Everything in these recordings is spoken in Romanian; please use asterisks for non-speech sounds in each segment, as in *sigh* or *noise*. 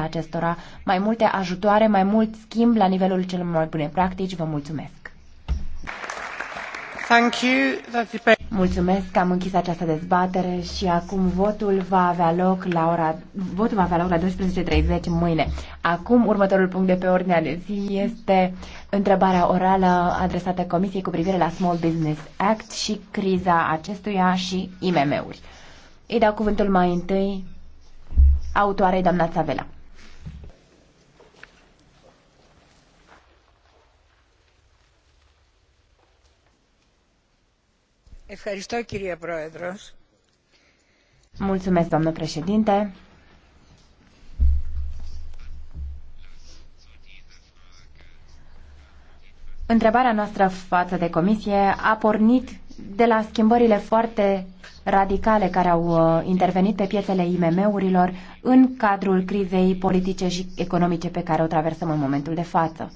acestora mai multe ajutoare, mai mult schimb la nivelul celor mai bune practici. Vă mulțumesc! Thank you. Mulțumesc, am închis această dezbatere și acum votul va avea loc la ora votul va avea loc la 12:30 mâine. Acum următorul punct de pe ordinea de zi este întrebarea orală adresată Comisiei cu privire la Small Business Act și criza acestuia și IMM-uri. Îi dau cuvântul mai întâi autoarei doamna Țavela. Mulțumesc, președinte. Întrebarea noastră față de comisie a pornit de la schimbările foarte radicale care au uh, intervenit pe piețele IMM-urilor în cadrul crizei politice și economice pe care o traversăm în momentul de față.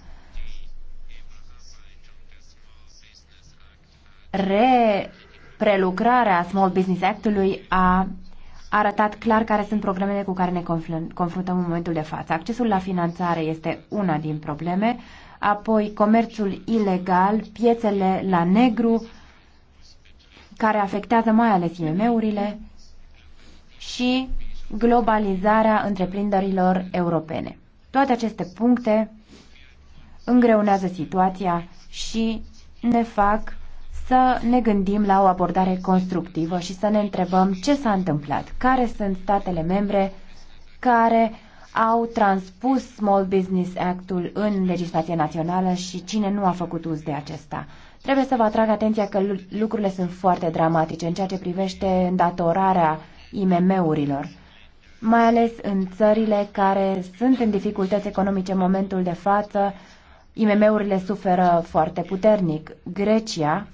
Re prelucrarea Small Business Act-ului a arătat clar care sunt problemele cu care ne confruntăm în momentul de față. Accesul la finanțare este una din probleme, apoi comerțul ilegal, piețele la negru, care afectează mai ales IMM-urile și globalizarea întreprinderilor europene. Toate aceste puncte îngreunează situația și ne fac să ne gândim la o abordare constructivă și să ne întrebăm ce s-a întâmplat, care sunt statele membre care au transpus Small Business Act-ul în legislație națională și cine nu a făcut uz de acesta. Trebuie să vă atrag atenția că lucrurile sunt foarte dramatice în ceea ce privește îndatorarea IMM-urilor, mai ales în țările care sunt în dificultăți economice în momentul de față, IMM-urile suferă foarte puternic. Grecia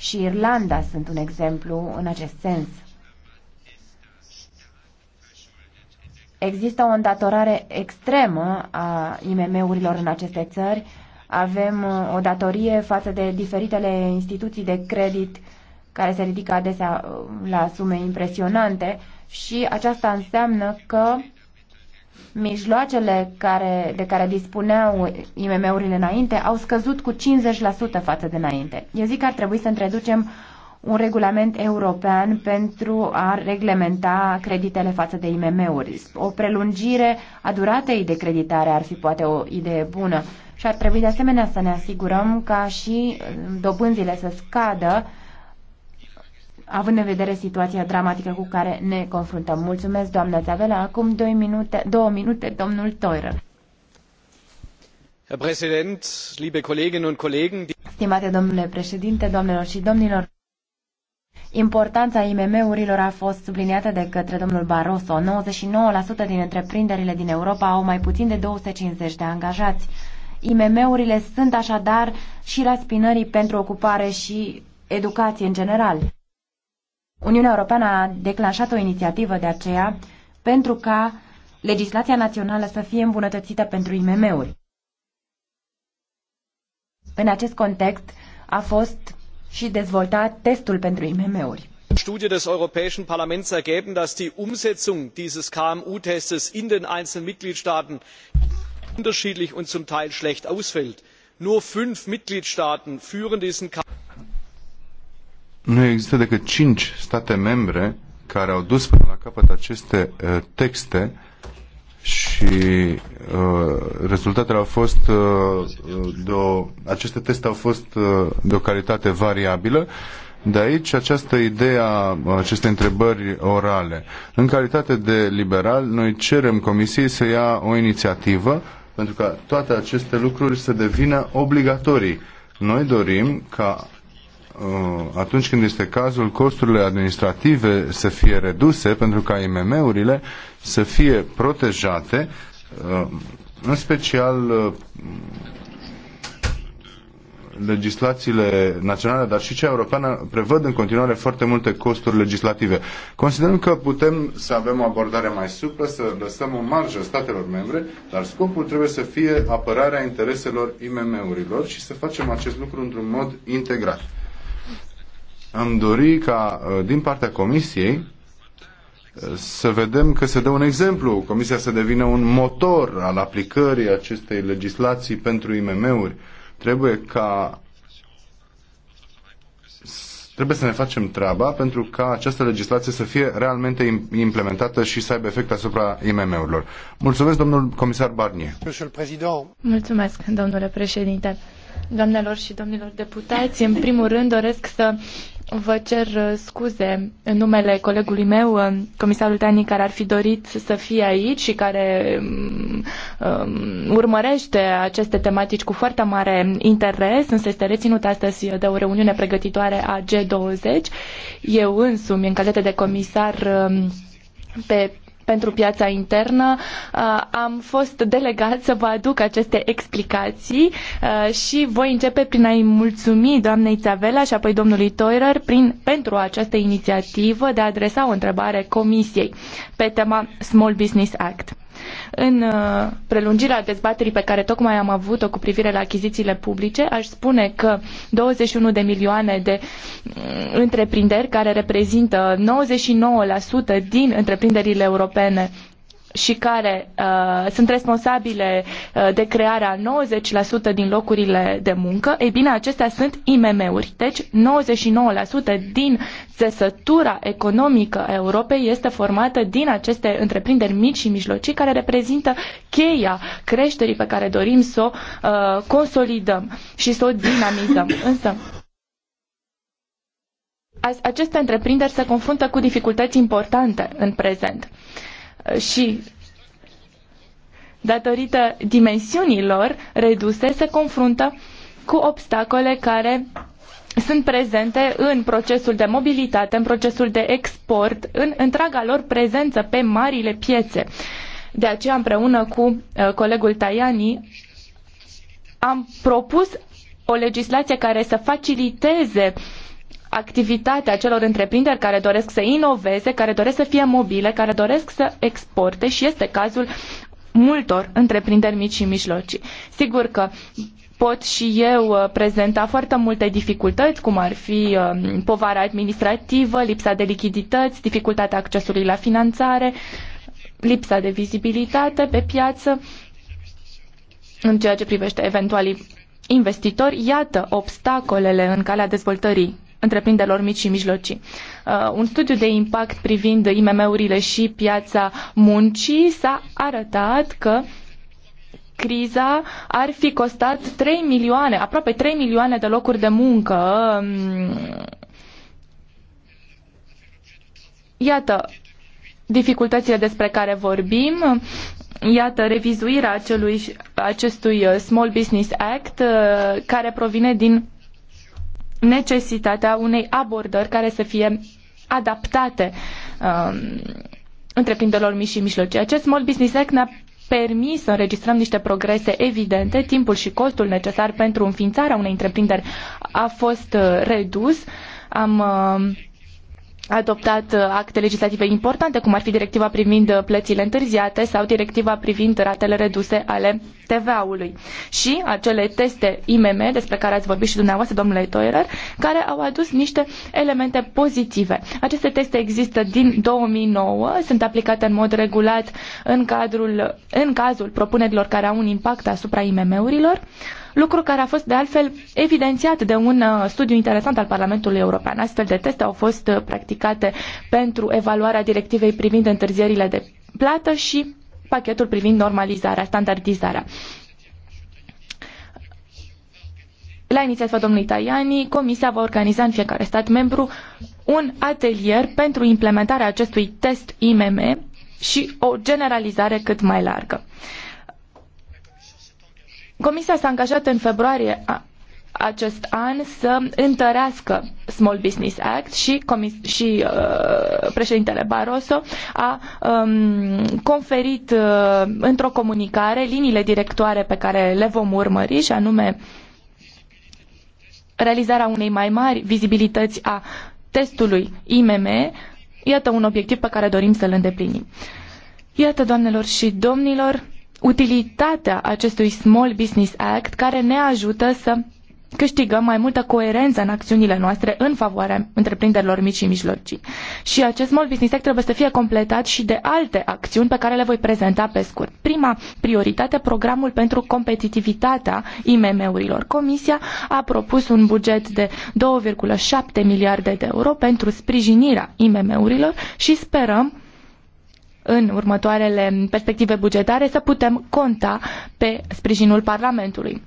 și Irlanda sunt un exemplu în acest sens. Există o îndatorare extremă a IMM-urilor în aceste țări. Avem uh, o datorie față de diferitele instituții de credit care se ridică adesea uh, la sume impresionante și aceasta înseamnă că mijloacele care, de care dispuneau IMM-urile înainte au scăzut cu 50% față de înainte. Eu zic că ar trebui să introducem un regulament european pentru a reglementa creditele față de IMM-uri. O prelungire a duratei de creditare ar fi poate o idee bună și ar trebui de asemenea să ne asigurăm ca și dobânzile să scadă având în vedere situația dramatică cu care ne confruntăm. Mulțumesc, doamnă Țavela. Acum două minute, două minute domnul Toiră. Herr Präsident, liebe Kolleginnen und Kollegen. Stimate domnule președinte, doamnelor și domnilor, Importanța IMM-urilor a fost subliniată de către domnul Barroso. 99% din întreprinderile din Europa au mai puțin de 250 de angajați. IMM-urile sunt așadar și raspinării pentru ocupare și educație în general. Uniunea Europeană a declanșat o inițiativă de aceea pentru ca legislația națională să fie îmbunătățită pentru IMM-uri. În acest context a fost și dezvoltat testul pentru IMM-uri. Studie des Europäischen Parlaments ergeben, dass die Umsetzung dieses KMU-Tests in den einzelnen Mitgliedstaaten unterschiedlich und zum Teil schlecht ausfällt. Nur fünf Mitgliedstaaten führen diesen KMU nu există decât cinci state membre care au dus până la capăt aceste uh, texte și uh, rezultatele au fost uh, de o, aceste teste au fost uh, de o calitate variabilă de aici această idee a uh, aceste întrebări orale. În calitate de liberal, noi cerem Comisiei să ia o inițiativă pentru ca toate aceste lucruri să devină obligatorii. Noi dorim ca Uh, atunci când este cazul, costurile administrative să fie reduse pentru ca IMM-urile să fie protejate, uh, în special uh, legislațiile naționale, dar și cea europeană, prevăd în continuare foarte multe costuri legislative. Considerăm că putem să avem o abordare mai suplă, să lăsăm o marjă statelor membre, dar scopul trebuie să fie apărarea intereselor IMM-urilor și să facem acest lucru într-un mod integrat. Am dori ca uh, din partea Comisiei uh, să vedem că se dă un exemplu. Comisia să devină un motor al aplicării acestei legislații pentru IMM-uri. Trebuie ca trebuie să ne facem treaba pentru ca această legislație să fie realmente implementată și să aibă efect asupra IMM-urilor. Mulțumesc, domnul comisar Barnier. Mulțumesc, domnule președinte. Doamnelor și domnilor deputați, în primul rând doresc să vă cer uh, scuze în numele colegului meu, uh, comisarul Tani, care ar fi dorit să fie aici și care mm, um, urmărește aceste tematici cu foarte mare interes, însă este reținut astăzi de o reuniune pregătitoare a G20. Eu însumi, în calitate de comisar um, pe pentru piața internă. Uh, am fost delegat să vă aduc aceste explicații uh, și voi începe prin a-i mulțumi doamnei Țavela și apoi domnului Toirer prin, pentru această inițiativă de a adresa o întrebare Comisiei pe tema Small Business Act. În uh, prelungirea dezbaterii pe care tocmai am avut-o cu privire la achizițiile publice, aș spune că 21 de milioane de mm, întreprinderi care reprezintă 99% din întreprinderile europene și care uh, sunt responsabile uh, de crearea 90% din locurile de muncă, ei bine, acestea sunt IMM-uri. Deci 99% din țesătura economică a Europei este formată din aceste întreprinderi mici și mijlocii care reprezintă cheia creșterii pe care dorim să o uh, consolidăm și să o dinamizăm. Însă, aceste întreprinderi se confruntă cu dificultăți importante în prezent. Uh, și datorită dimensiunilor reduse se confruntă cu obstacole care sunt prezente în procesul de mobilitate, în procesul de export, în întreaga lor prezență pe marile piețe. De aceea, împreună cu uh, colegul Tajani, am propus o legislație care să faciliteze uh, activitatea celor întreprinderi care doresc să inoveze, care doresc să fie mobile, care doresc să exporte și este cazul multor întreprinderi mici și mijlocii. Sigur că pot și eu uh, prezenta foarte multe dificultăți, cum ar fi um, povara administrativă, lipsa de lichidități, dificultatea accesului la finanțare, lipsa de vizibilitate pe piață în ceea ce privește eventualii investitori. Iată obstacolele în calea dezvoltării întreprinderilor mici și mijlocii. Uh, un studiu de impact privind IMM-urile și piața muncii s-a arătat că criza ar fi costat 3 milioane, aproape 3 milioane de locuri de muncă. Um, iată dificultățile despre care vorbim. Iată revizuirea acelui, acestui Small Business Act uh, care provine din necesitatea unei abordări care să fie adaptate um, întreprinderilor mici și mijlocii. Acest Small Business Act ne-a permis să înregistrăm niște progrese evidente, timpul și costul necesar pentru înființarea unei întreprinderi a fost uh, redus. Am uh, adoptat uh, acte legislative importante, cum ar fi directiva privind uh, plățile întârziate sau directiva privind ratele reduse ale TVA-ului. Și acele teste IMM, despre care ați vorbit și dumneavoastră, domnule Toirer, care au adus niște elemente pozitive. Aceste teste există din 2009, sunt aplicate în mod regulat în, cadrul, în cazul propunerilor care au un impact asupra IMM-urilor. Uh, lucru care a fost de altfel evidențiat de un uh, studiu interesant al Parlamentului European. Astfel de teste au fost uh, practicate pentru evaluarea directivei privind întârzierile de plată și pachetul privind normalizarea, standardizarea. La inițiativa domnului Tajani, Comisia va organiza în fiecare stat membru un atelier pentru implementarea acestui test IMM și o generalizare cât mai largă. Comisia s-a angajat în februarie acest an să întărească Small Business Act și, comis- și uh, președintele Barroso a um, conferit uh, într-o comunicare liniile directoare pe care le vom urmări și anume realizarea unei mai mari vizibilități a testului IMM. Iată un obiectiv pe care dorim să-l îndeplinim. Iată, doamnelor și domnilor, utilitatea acestui Small Business Act care ne ajută să câștigăm mai multă coerență în acțiunile noastre în favoarea întreprinderilor mici și mijlocii. Și acest Small Business Act trebuie să fie completat și de alte acțiuni pe care le voi prezenta pe scurt. Prima prioritate, programul pentru competitivitatea IMM-urilor. Comisia a propus un buget de 2,7 miliarde de euro pentru sprijinirea IMM-urilor și sperăm în următoarele perspective bugetare să putem conta pe sprijinul Parlamentului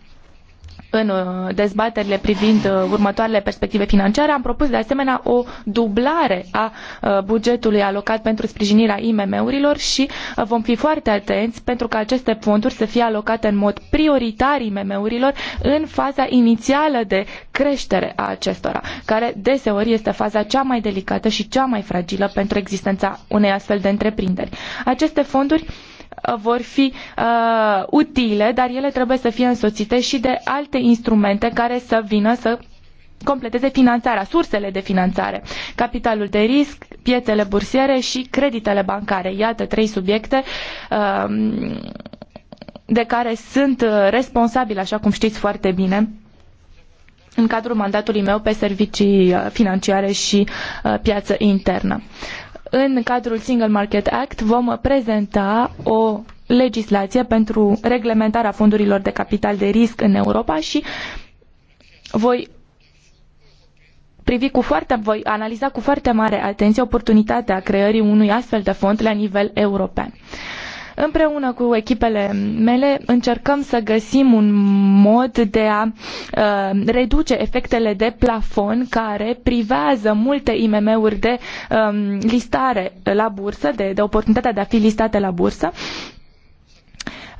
în uh, dezbaterile privind uh, următoarele perspective financiare, am propus de asemenea o dublare a uh, bugetului alocat pentru sprijinirea IMM-urilor și vom fi foarte atenți pentru ca aceste fonduri să fie alocate în mod prioritar IMM-urilor în faza inițială de creștere a acestora, care deseori este faza cea mai delicată și cea mai fragilă pentru existența unei astfel de întreprinderi. Aceste fonduri vor fi uh, utile, dar ele trebuie să fie însoțite și de alte instrumente care să vină să completeze finanțarea, sursele de finanțare, capitalul de risc, piețele bursiere și creditele bancare. Iată trei subiecte um, de care sunt uh, responsabil, așa cum știți foarte bine, în cadrul mandatului meu pe servicii uh, financiare și uh, piață internă în cadrul Single Market Act vom prezenta o legislație pentru reglementarea fondurilor de capital de risc în Europa și voi privi cu foarte, voi analiza cu foarte mare atenție oportunitatea creării unui astfel de fond la nivel european. Împreună cu echipele mele încercăm să găsim un mod de a uh, reduce efectele de plafon care privează multe IMM-uri de um, listare la bursă, de, de oportunitatea de a fi listate la bursă.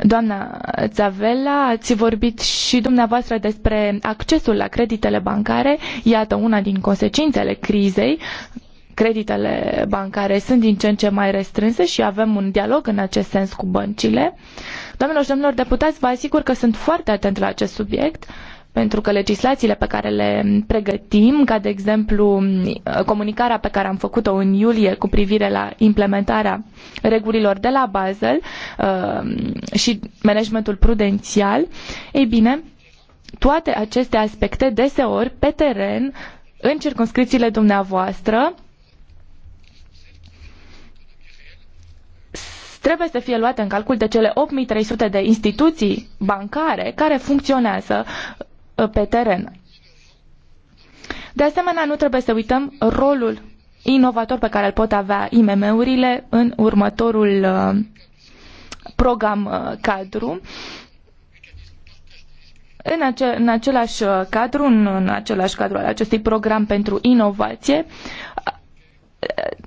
Doamna Țavela, ați vorbit și dumneavoastră despre accesul la creditele bancare. Iată una din consecințele crizei creditele bancare sunt din ce în ce mai restrânse și avem un dialog în acest sens cu băncile. Doamnelor și domnilor deputați, vă asigur că sunt foarte atent la acest subiect pentru că legislațiile pe care le pregătim, ca de exemplu comunicarea pe care am făcut-o în iulie cu privire la implementarea regulilor de la Basel uh, și managementul prudențial, ei bine, toate aceste aspecte deseori pe teren în circunscripțiile dumneavoastră trebuie să fie luate în calcul de cele 8300 de instituții bancare care funcționează uh, pe teren. De asemenea, nu trebuie să uităm rolul inovator pe care îl pot avea IMM-urile în următorul uh, program uh, cadru. În, ace- în același cadru, în, în același cadru al acestui program pentru inovație,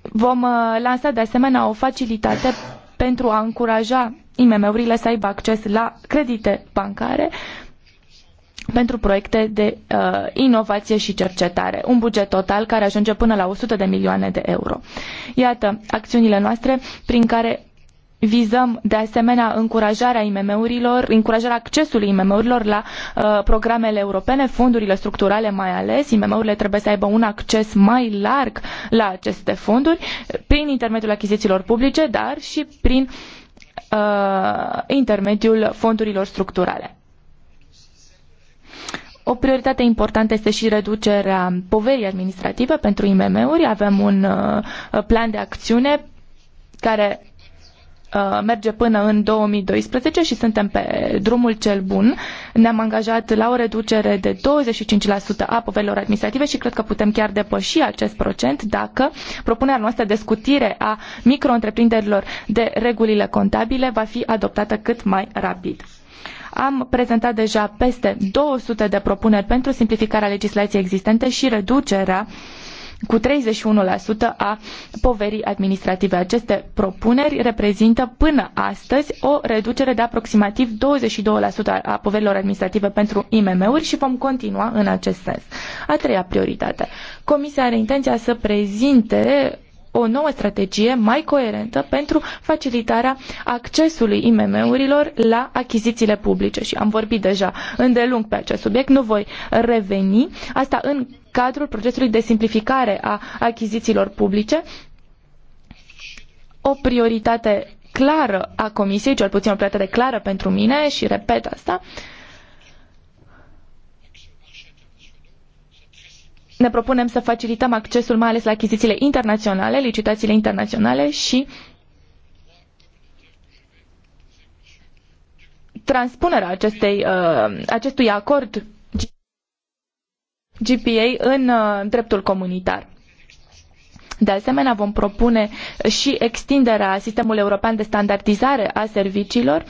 vom lansa de asemenea o facilitate pentru a încuraja IMM-urile să aibă acces la credite bancare pentru proiecte de uh, inovație și cercetare, un buget total care ajunge până la 100 de milioane de euro. Iată acțiunile noastre prin care Vizăm de asemenea încurajarea IMM-urilor, încurajarea accesului IMM-urilor la uh, programele europene, fondurile structurale mai ales. IMM-urile trebuie să aibă un acces mai larg la aceste fonduri prin intermediul achizițiilor publice, dar și prin uh, intermediul fondurilor structurale. O prioritate importantă este și reducerea poverii administrative pentru IMM-uri. Avem un uh, plan de acțiune care Uh, merge până în 2012 și suntem pe drumul cel bun. Ne-am angajat la o reducere de 25% a povelor administrative și cred că putem chiar depăși acest procent dacă propunerea noastră de scutire a micro-întreprinderilor de regulile contabile va fi adoptată cât mai rapid. Am prezentat deja peste 200 de propuneri pentru simplificarea legislației existente și reducerea uh, cu 31% a poverii administrative. Aceste propuneri reprezintă până astăzi o reducere de aproximativ 22% a poverilor administrative pentru IMM-uri și vom continua în acest sens. A treia prioritate. Comisia are intenția să prezinte o nouă strategie mai coerentă pentru facilitarea accesului IMM-urilor la achizițiile publice. Și am vorbit deja îndelung pe acest subiect, nu voi reveni. Asta în cadrul procesului de simplificare a achizițiilor publice, o prioritate clară a Comisiei, cel puțin o prioritate clară pentru mine și repet asta, ne propunem să facilităm accesul mai ales la achizițiile internaționale, licitațiile internaționale și transpunerea acestei, uh, acestui acord GPA în uh, dreptul comunitar. De asemenea, vom propune și extinderea sistemului european de standardizare a serviciilor,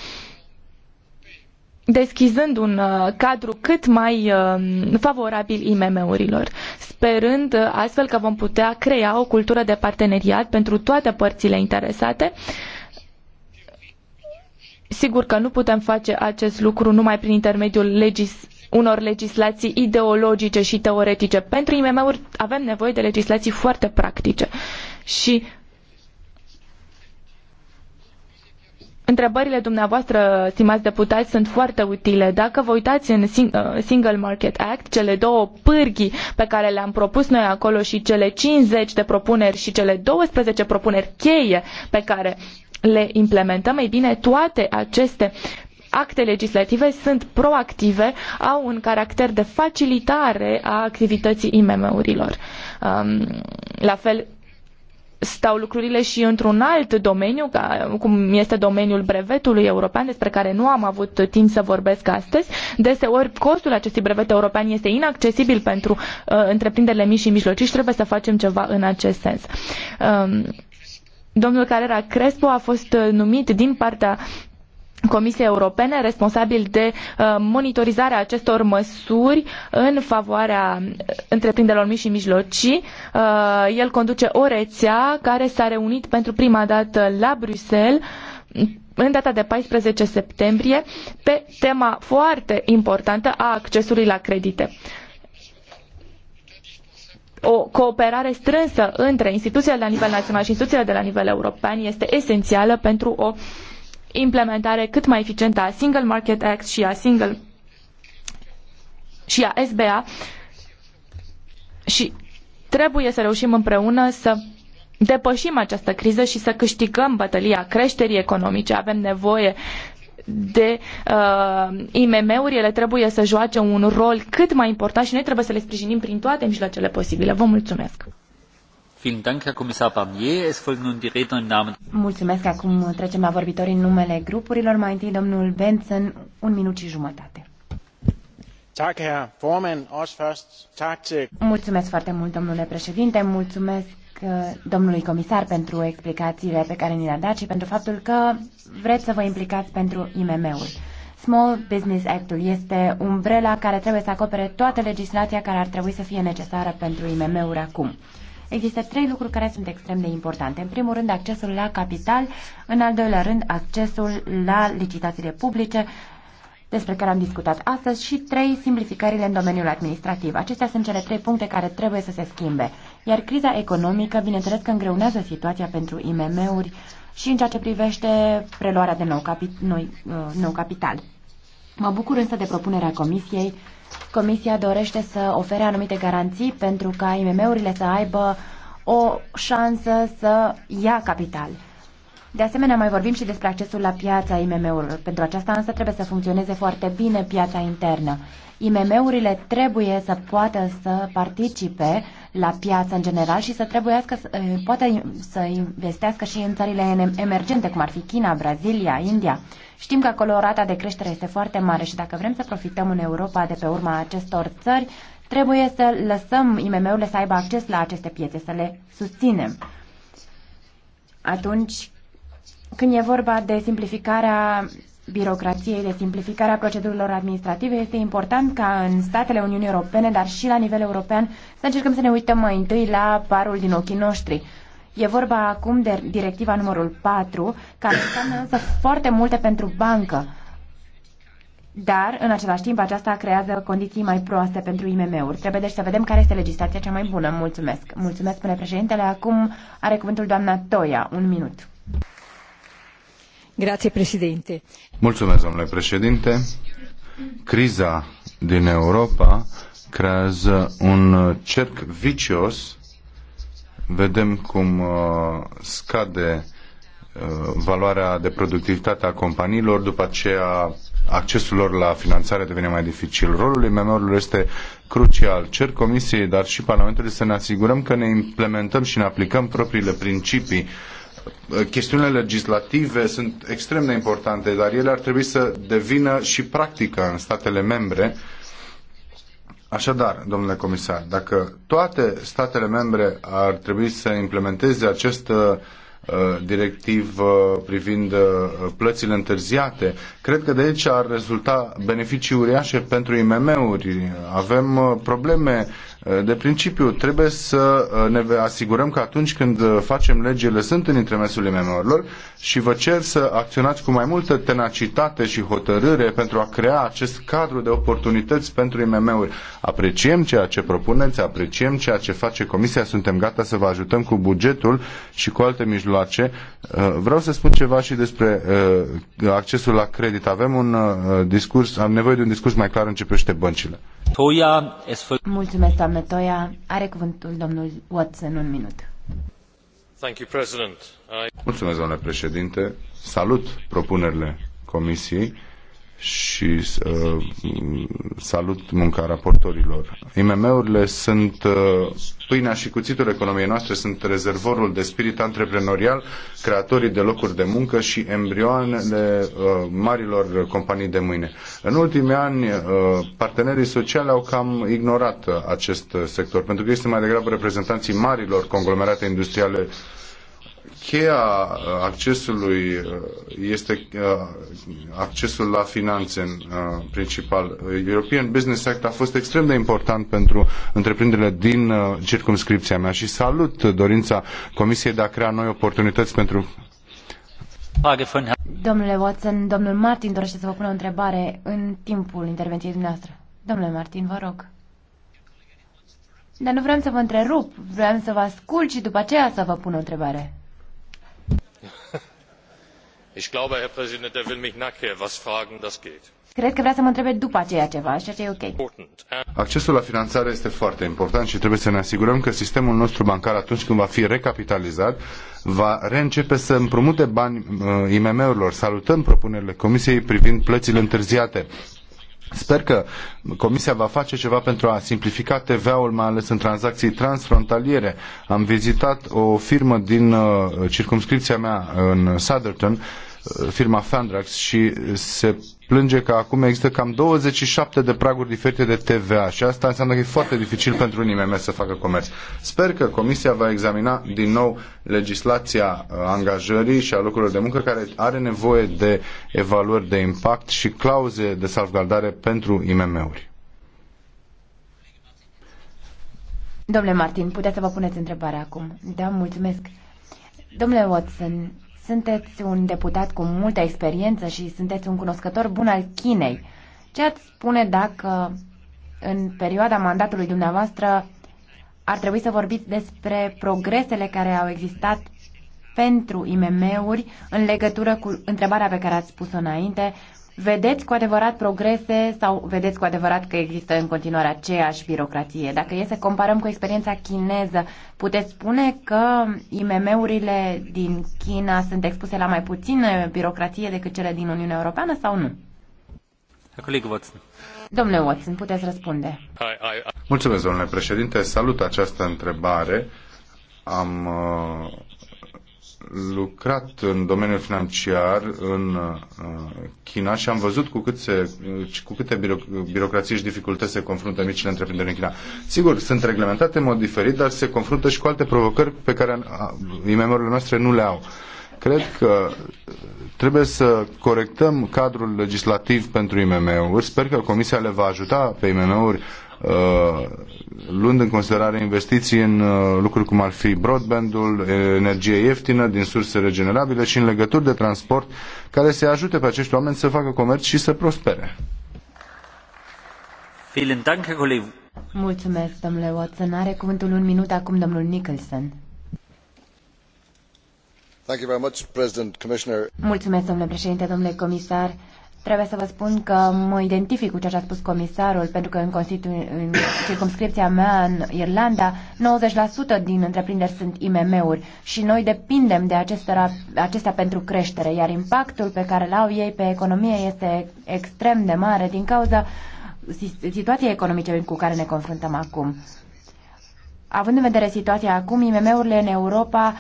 deschizând un uh, cadru cât mai uh, favorabil IMM-urilor, sperând astfel că vom putea crea o cultură de parteneriat pentru toate părțile interesate. Sigur că nu putem face acest lucru numai prin intermediul legis unor legislații ideologice și teoretice. Pentru IMM-uri avem nevoie de legislații foarte practice. Și Întrebările dumneavoastră, stimați deputați, sunt foarte utile. Dacă vă uitați în uh, Single Market Act, cele două pârghii pe care le-am propus noi acolo și cele 50 de propuneri și cele 12 propuneri cheie pe care le implementăm, ei bine, toate aceste acte legislative sunt proactive, au un caracter de facilitare a activității IMM-urilor. Um, la fel, stau lucrurile și într-un alt domeniu, ca, cum este domeniul brevetului european, despre care nu am avut timp să vorbesc astăzi. Deseori costul acestui brevet european este inaccesibil pentru uh, întreprinderile mici și mijlocii și trebuie să facem ceva în acest sens. Um, domnul Carrera Crespo a fost uh, numit din partea Comisiei Europene, responsabil de uh, monitorizarea acestor măsuri în favoarea uh, întreprinderilor mici și mijlocii. Uh, el conduce o rețea care s-a reunit pentru prima dată la Bruxelles în data de 14 septembrie pe tema foarte importantă a accesului la credite o cooperare strânsă între instituțiile de la nivel național și instituțiile de la nivel european este esențială pentru o implementare cât mai eficientă a Single Market Act și a Single și a SBA și trebuie să reușim împreună să depășim această criză și să câștigăm bătălia creșterii economice. Avem nevoie de uh, IMM-uri, ele trebuie să joace un rol cât mai important și noi trebuie să le sprijinim prin toate mijloacele posibile. Vă mulțumesc! Mulțumesc. Acum trecem la vorbitorii în numele grupurilor. Mai întâi domnul Benson, un minut și jumătate. Mulțumesc foarte mult, domnule președinte. Mulțumesc uh, domnului comisar pentru explicațiile pe care ni le-a dat și pentru faptul că vreți să vă implicați pentru IMM-uri. Small Business Act-ul este umbrela care trebuie să acopere toată legislația care ar trebui să fie necesară pentru IMM-uri acum. Există trei lucruri care sunt extrem de importante. În primul rând, accesul la capital, în al doilea rând, accesul la licitațiile publice, despre care am discutat astăzi, și trei simplificările în domeniul administrativ. Acestea sunt cele trei puncte care trebuie să se schimbe. Iar criza economică, bineînțeles că îngreunează situația pentru IMM-uri și în ceea ce privește preluarea de nou, capi- noi, uh, nou capital. Mă bucur însă de propunerea Comisiei Comisia dorește să ofere anumite garanții pentru ca IMM-urile să aibă o șansă să ia capital. De asemenea, mai vorbim și despre accesul la piața IMM-urilor. Pentru aceasta însă trebuie să funcționeze foarte bine piața internă. IMM-urile trebuie să poată să participe la piață în general și să trebuiască să, poată să investească și în țările emergente, cum ar fi China, Brazilia, India. Știm că acolo rata de creștere este foarte mare și dacă vrem să profităm în Europa de pe urma acestor țări, trebuie să lăsăm IMM-urile să aibă acces la aceste piețe, să le susținem. Atunci când e vorba de simplificarea birocrației, de simplificarea procedurilor administrative, este important ca în statele Uniunii Europene, dar și la nivel european, să încercăm să ne uităm mai întâi la parul din ochii noștri. E vorba acum de directiva numărul 4, care înseamnă însă foarte multe pentru bancă. Dar, în același timp, aceasta creează condiții mai proaste pentru IMM-uri. Trebuie deci să vedem care este legislația cea mai bună. Mulțumesc. Mulțumesc, spune președintele. Acum are cuvântul doamna Toia. Un minut. Mulțumesc, domnule președinte. Criza din Europa creează un cerc vicios. Vedem cum uh, scade uh, valoarea de productivitate a companiilor, după aceea accesul lor la finanțare devine mai dificil. Rolul IMM-urilor este crucial. Cer Comisiei, dar și Parlamentului să ne asigurăm că ne implementăm și ne aplicăm propriile principii Uh, chestiunile legislative sunt extrem de importante, dar ele ar trebui să devină și practică în statele membre. Așadar, domnule comisar, dacă toate statele membre ar trebui să implementeze această uh, directiv uh, privind plățile întârziate. Cred că de aici ar rezulta beneficii uriașe pentru IMM-uri. Avem probleme de principiu, trebuie să uh, ne asigurăm că atunci când uh, facem legile sunt în interesul imm lor și vă cer să acționați cu mai multă tenacitate și hotărâre pentru a crea acest cadru de oportunități pentru IMM-uri. Apreciem ceea ce propuneți, apreciem ceea ce face Comisia, suntem gata să vă ajutăm cu bugetul și cu alte mijloace. Uh, vreau să spun ceva și despre accesul la credit. Avem un discurs, am nevoie de un discurs mai clar în ce privește băncile. Mulțumesc, doamne doamnă Toia. Are cuvântul domnul Watson un minut. Thank you, President. I... Mulțumesc, domnule președinte. Salut propunerile Comisiei și uh, salut munca raportorilor. IMM-urile sunt uh, pâinea și cuțitul economiei noastre, sunt rezervorul de spirit antreprenorial, creatorii de locuri de muncă și embrioanele uh, marilor companii de mâine. În ultimii ani, uh, partenerii sociale au cam ignorat uh, acest sector, pentru că este mai degrabă reprezentanții marilor conglomerate industriale uh, cheia uh, accesului uh, este uh, accesul la finanțe în principal. European Business Act a fost extrem de important pentru întreprinderile din circumscripția mea și salut dorința Comisiei de a crea noi oportunități pentru Domnule Watson, domnul Martin dorește să vă pună o întrebare în timpul intervenției dumneavoastră. Domnule Martin, vă rog. Dar nu vreau să vă întrerup, vreau să vă ascult și după aceea să vă pun o întrebare. *laughs* Ich glaube, Herr Präsident, er will mich nachher was fragen, das geht. Cred că vrea să mă întrebe după aceea ceva, ceea ce e ok. Accesul la finanțare este foarte important și trebuie să ne asigurăm că sistemul nostru bancar, atunci când va fi recapitalizat, va reîncepe să împrumute bani uh, IMM-urilor. Salutăm propunerile Comisiei privind plățile întârziate. Sper că Comisia va face ceva pentru a simplifica TVA-ul, mai ales în tranzacții transfrontaliere. Am vizitat o firmă din uh, circumscripția mea în Southerton, uh, firma Fandrax și se plânge că acum există cam 27 de praguri diferite de TVA și asta înseamnă că e foarte dificil pentru un IMM să facă comerț. Sper că Comisia va examina din nou legislația uh, angajării și a lucrurilor de muncă care are nevoie de evaluări de impact și clauze de salvgardare pentru IMM-uri. Domnule Martin, puteți să vă puneți întrebarea acum. Da, mulțumesc. Domnule Watson, sunteți un deputat cu multă experiență și sunteți un cunoscător bun al Chinei. Ce ați spune dacă în perioada mandatului dumneavoastră ar trebui să vorbiți despre progresele care au existat pentru IMM-uri în legătură cu întrebarea pe care ați spus-o înainte, Vedeți cu adevărat progrese sau vedeți cu adevărat că există în continuare aceeași birocratie? Dacă e să comparăm cu experiența chineză, puteți spune că IMM-urile din China sunt expuse la mai puțină birocratie decât cele din Uniunea Europeană sau nu? Colegul Watson. Domnule Watson, puteți răspunde. Mulțumesc, domnule președinte. Salut această întrebare. Am uh lucrat în domeniul financiar în uh, China și am văzut cu, cât se, cu câte biro, birocrații și dificultăți se confruntă micile întreprinderi în China. Sigur, sunt reglementate în mod diferit, dar se confruntă și cu alte provocări pe care uh, imemorile noastre nu le au. Cred că trebuie să corectăm cadrul legislativ pentru IMM-uri. Sper că Comisia le va ajuta pe IMM-uri Uh, luând în considerare investiții în uh, lucruri cum ar fi broadbandul, uh, energie ieftină din surse regenerabile și în legături de transport care să ajute pe acești oameni să facă comerț și să prospere. Mulțumesc, domnule Watson. Are cuvântul un minut acum domnul Nicholson. Mulțumesc, domnule președinte, domnule comisar. Trebuie să vă spun că mă identific cu ceea ce a spus comisarul, pentru că în, Constitu- în circumscripția mea în Irlanda, 90% din întreprinderi sunt IMM-uri și noi depindem de acestea, acestea pentru creștere, iar impactul pe care îl au ei pe economie este extrem de mare din cauza situației economice cu care ne confruntăm acum. Având în vedere situația acum, IMM-urile în Europa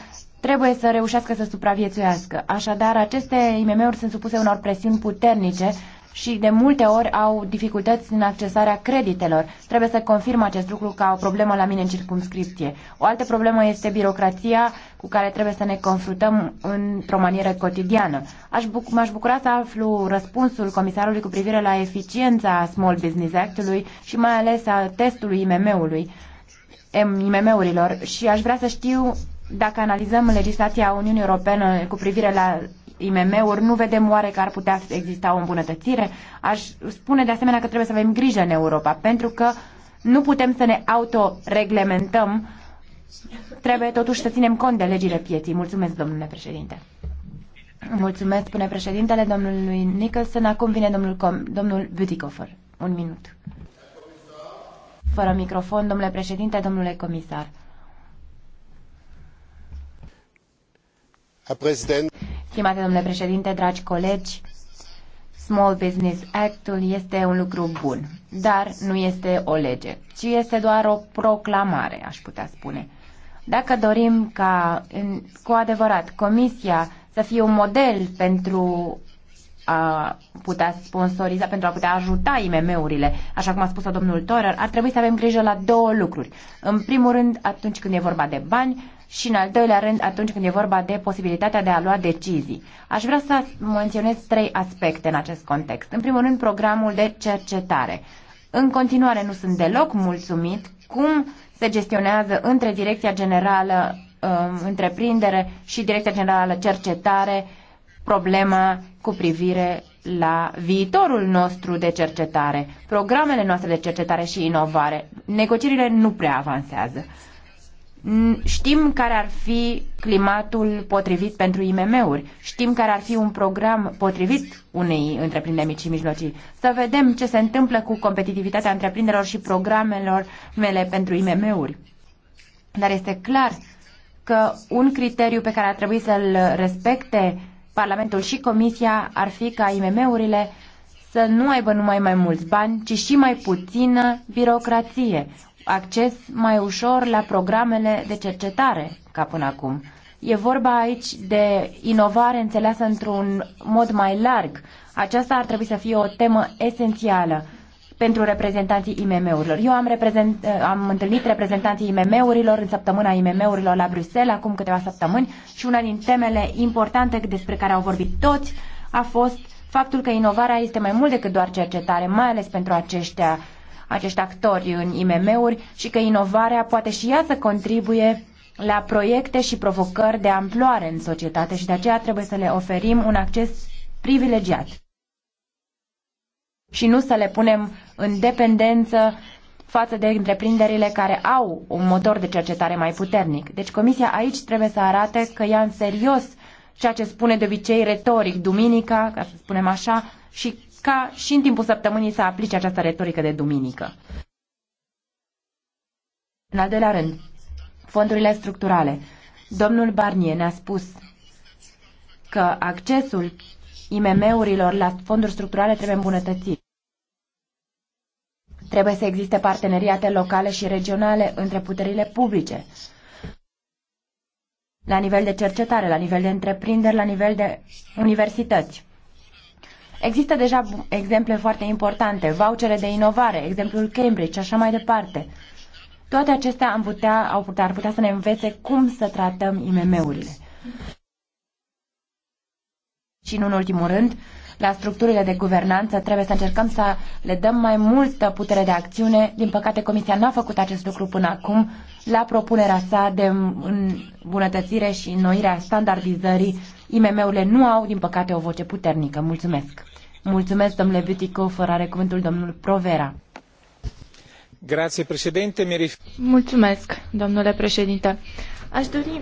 trebuie să reușească să supraviețuiască. Așadar, aceste IMM-uri sunt supuse unor presiuni puternice și de multe ori au dificultăți în accesarea creditelor. Trebuie să confirm acest lucru ca o problemă la mine în circumscripție. O altă problemă este birocrația cu care trebuie să ne confruntăm într-o manieră cotidiană. Aș buc- m-aș bucura să aflu răspunsul comisarului cu privire la eficiența Small Business Act-ului și mai ales a testului IMM-ului IMM-urilor și aș vrea să știu dacă analizăm legislația Uniunii Europene cu privire la IMM-uri, nu vedem oare că ar putea exista o îmbunătățire? Aș spune de asemenea că trebuie să avem grijă în Europa, pentru că nu putem să ne autoreglementăm. Trebuie totuși să ținem cont de legile pieții. Mulțumesc, domnule președinte. Mulțumesc, spune președintele domnului Nicholson. Acum vine domnul, Com domnul Butikofer. Un minut. Fără microfon, domnule președinte, domnule comisar. Stimate domnule președinte, dragi colegi, Small Business Act-ul este un lucru bun, dar nu este o lege, ci este doar o proclamare, aș putea spune. Dacă dorim ca, în, cu adevărat, Comisia să fie un model pentru a putea sponsoriza, pentru a putea ajuta IMM-urile, așa cum a spus-o domnul Torer, ar trebui să avem grijă la două lucruri. În primul rând, atunci când e vorba de bani, și, în al doilea rând, atunci când e vorba de posibilitatea de a lua decizii. Aș vrea să menționez trei aspecte în acest context. În primul rând, programul de cercetare. În continuare, nu sunt deloc mulțumit cum se gestionează între Direcția Generală um, Întreprindere și Direcția Generală Cercetare problema cu privire la viitorul nostru de cercetare, programele noastre de cercetare și inovare. Negocierile nu prea avansează. Știm care ar fi climatul potrivit pentru IMM-uri, știm care ar fi un program potrivit unei întreprinderi mici și mijlocii. Să vedem ce se întâmplă cu competitivitatea întreprinderilor și programelor mele pentru IMM-uri. Dar este clar că un criteriu pe care ar trebui să-l respecte Parlamentul și Comisia ar fi ca IMM-urile să nu aibă numai mai mulți bani, ci și mai puțină birocrație acces mai ușor la programele de cercetare ca până acum. E vorba aici de inovare înțeleasă într-un mod mai larg. Aceasta ar trebui să fie o temă esențială pentru reprezentanții IMM-urilor. Eu am, reprezent, am întâlnit reprezentanții IMM-urilor în săptămâna IMM-urilor la Bruxelles acum câteva săptămâni și una din temele importante despre care au vorbit toți a fost faptul că inovarea este mai mult decât doar cercetare, mai ales pentru aceștia acești actori în IMM-uri și că inovarea poate și ea să contribuie la proiecte și provocări de amploare în societate și de aceea trebuie să le oferim un acces privilegiat și nu să le punem în dependență față de întreprinderile care au un motor de cercetare mai puternic. Deci Comisia aici trebuie să arate că ia în serios ceea ce spune de obicei retoric duminica, ca să spunem așa, și ca și în timpul săptămânii să aplice această retorică de duminică. În al doilea rând, fondurile structurale. Domnul Barnier ne-a spus că accesul IMM-urilor la fonduri structurale trebuie îmbunătățit. Trebuie să existe parteneriate locale și regionale între puterile publice, la nivel de cercetare, la nivel de întreprinderi, la nivel de universități. Există deja exemple foarte importante, vouchere de inovare, exemplul Cambridge așa mai departe. Toate acestea am putea, au putea, ar putea să ne învețe cum să tratăm IMM-urile. Și, în ultimul rând, la structurile de guvernanță trebuie să încercăm să le dăm mai multă putere de acțiune. Din păcate, Comisia n-a făcut acest lucru până acum la propunerea sa de îmbunătățire și înnoirea standardizării IMM-urile nu au, din păcate, o voce puternică. Mulțumesc! Mulțumesc, domnule fără are cuvântul domnul Provera. Grazie, președinte. Mulțumesc, domnule președinte. Aș dori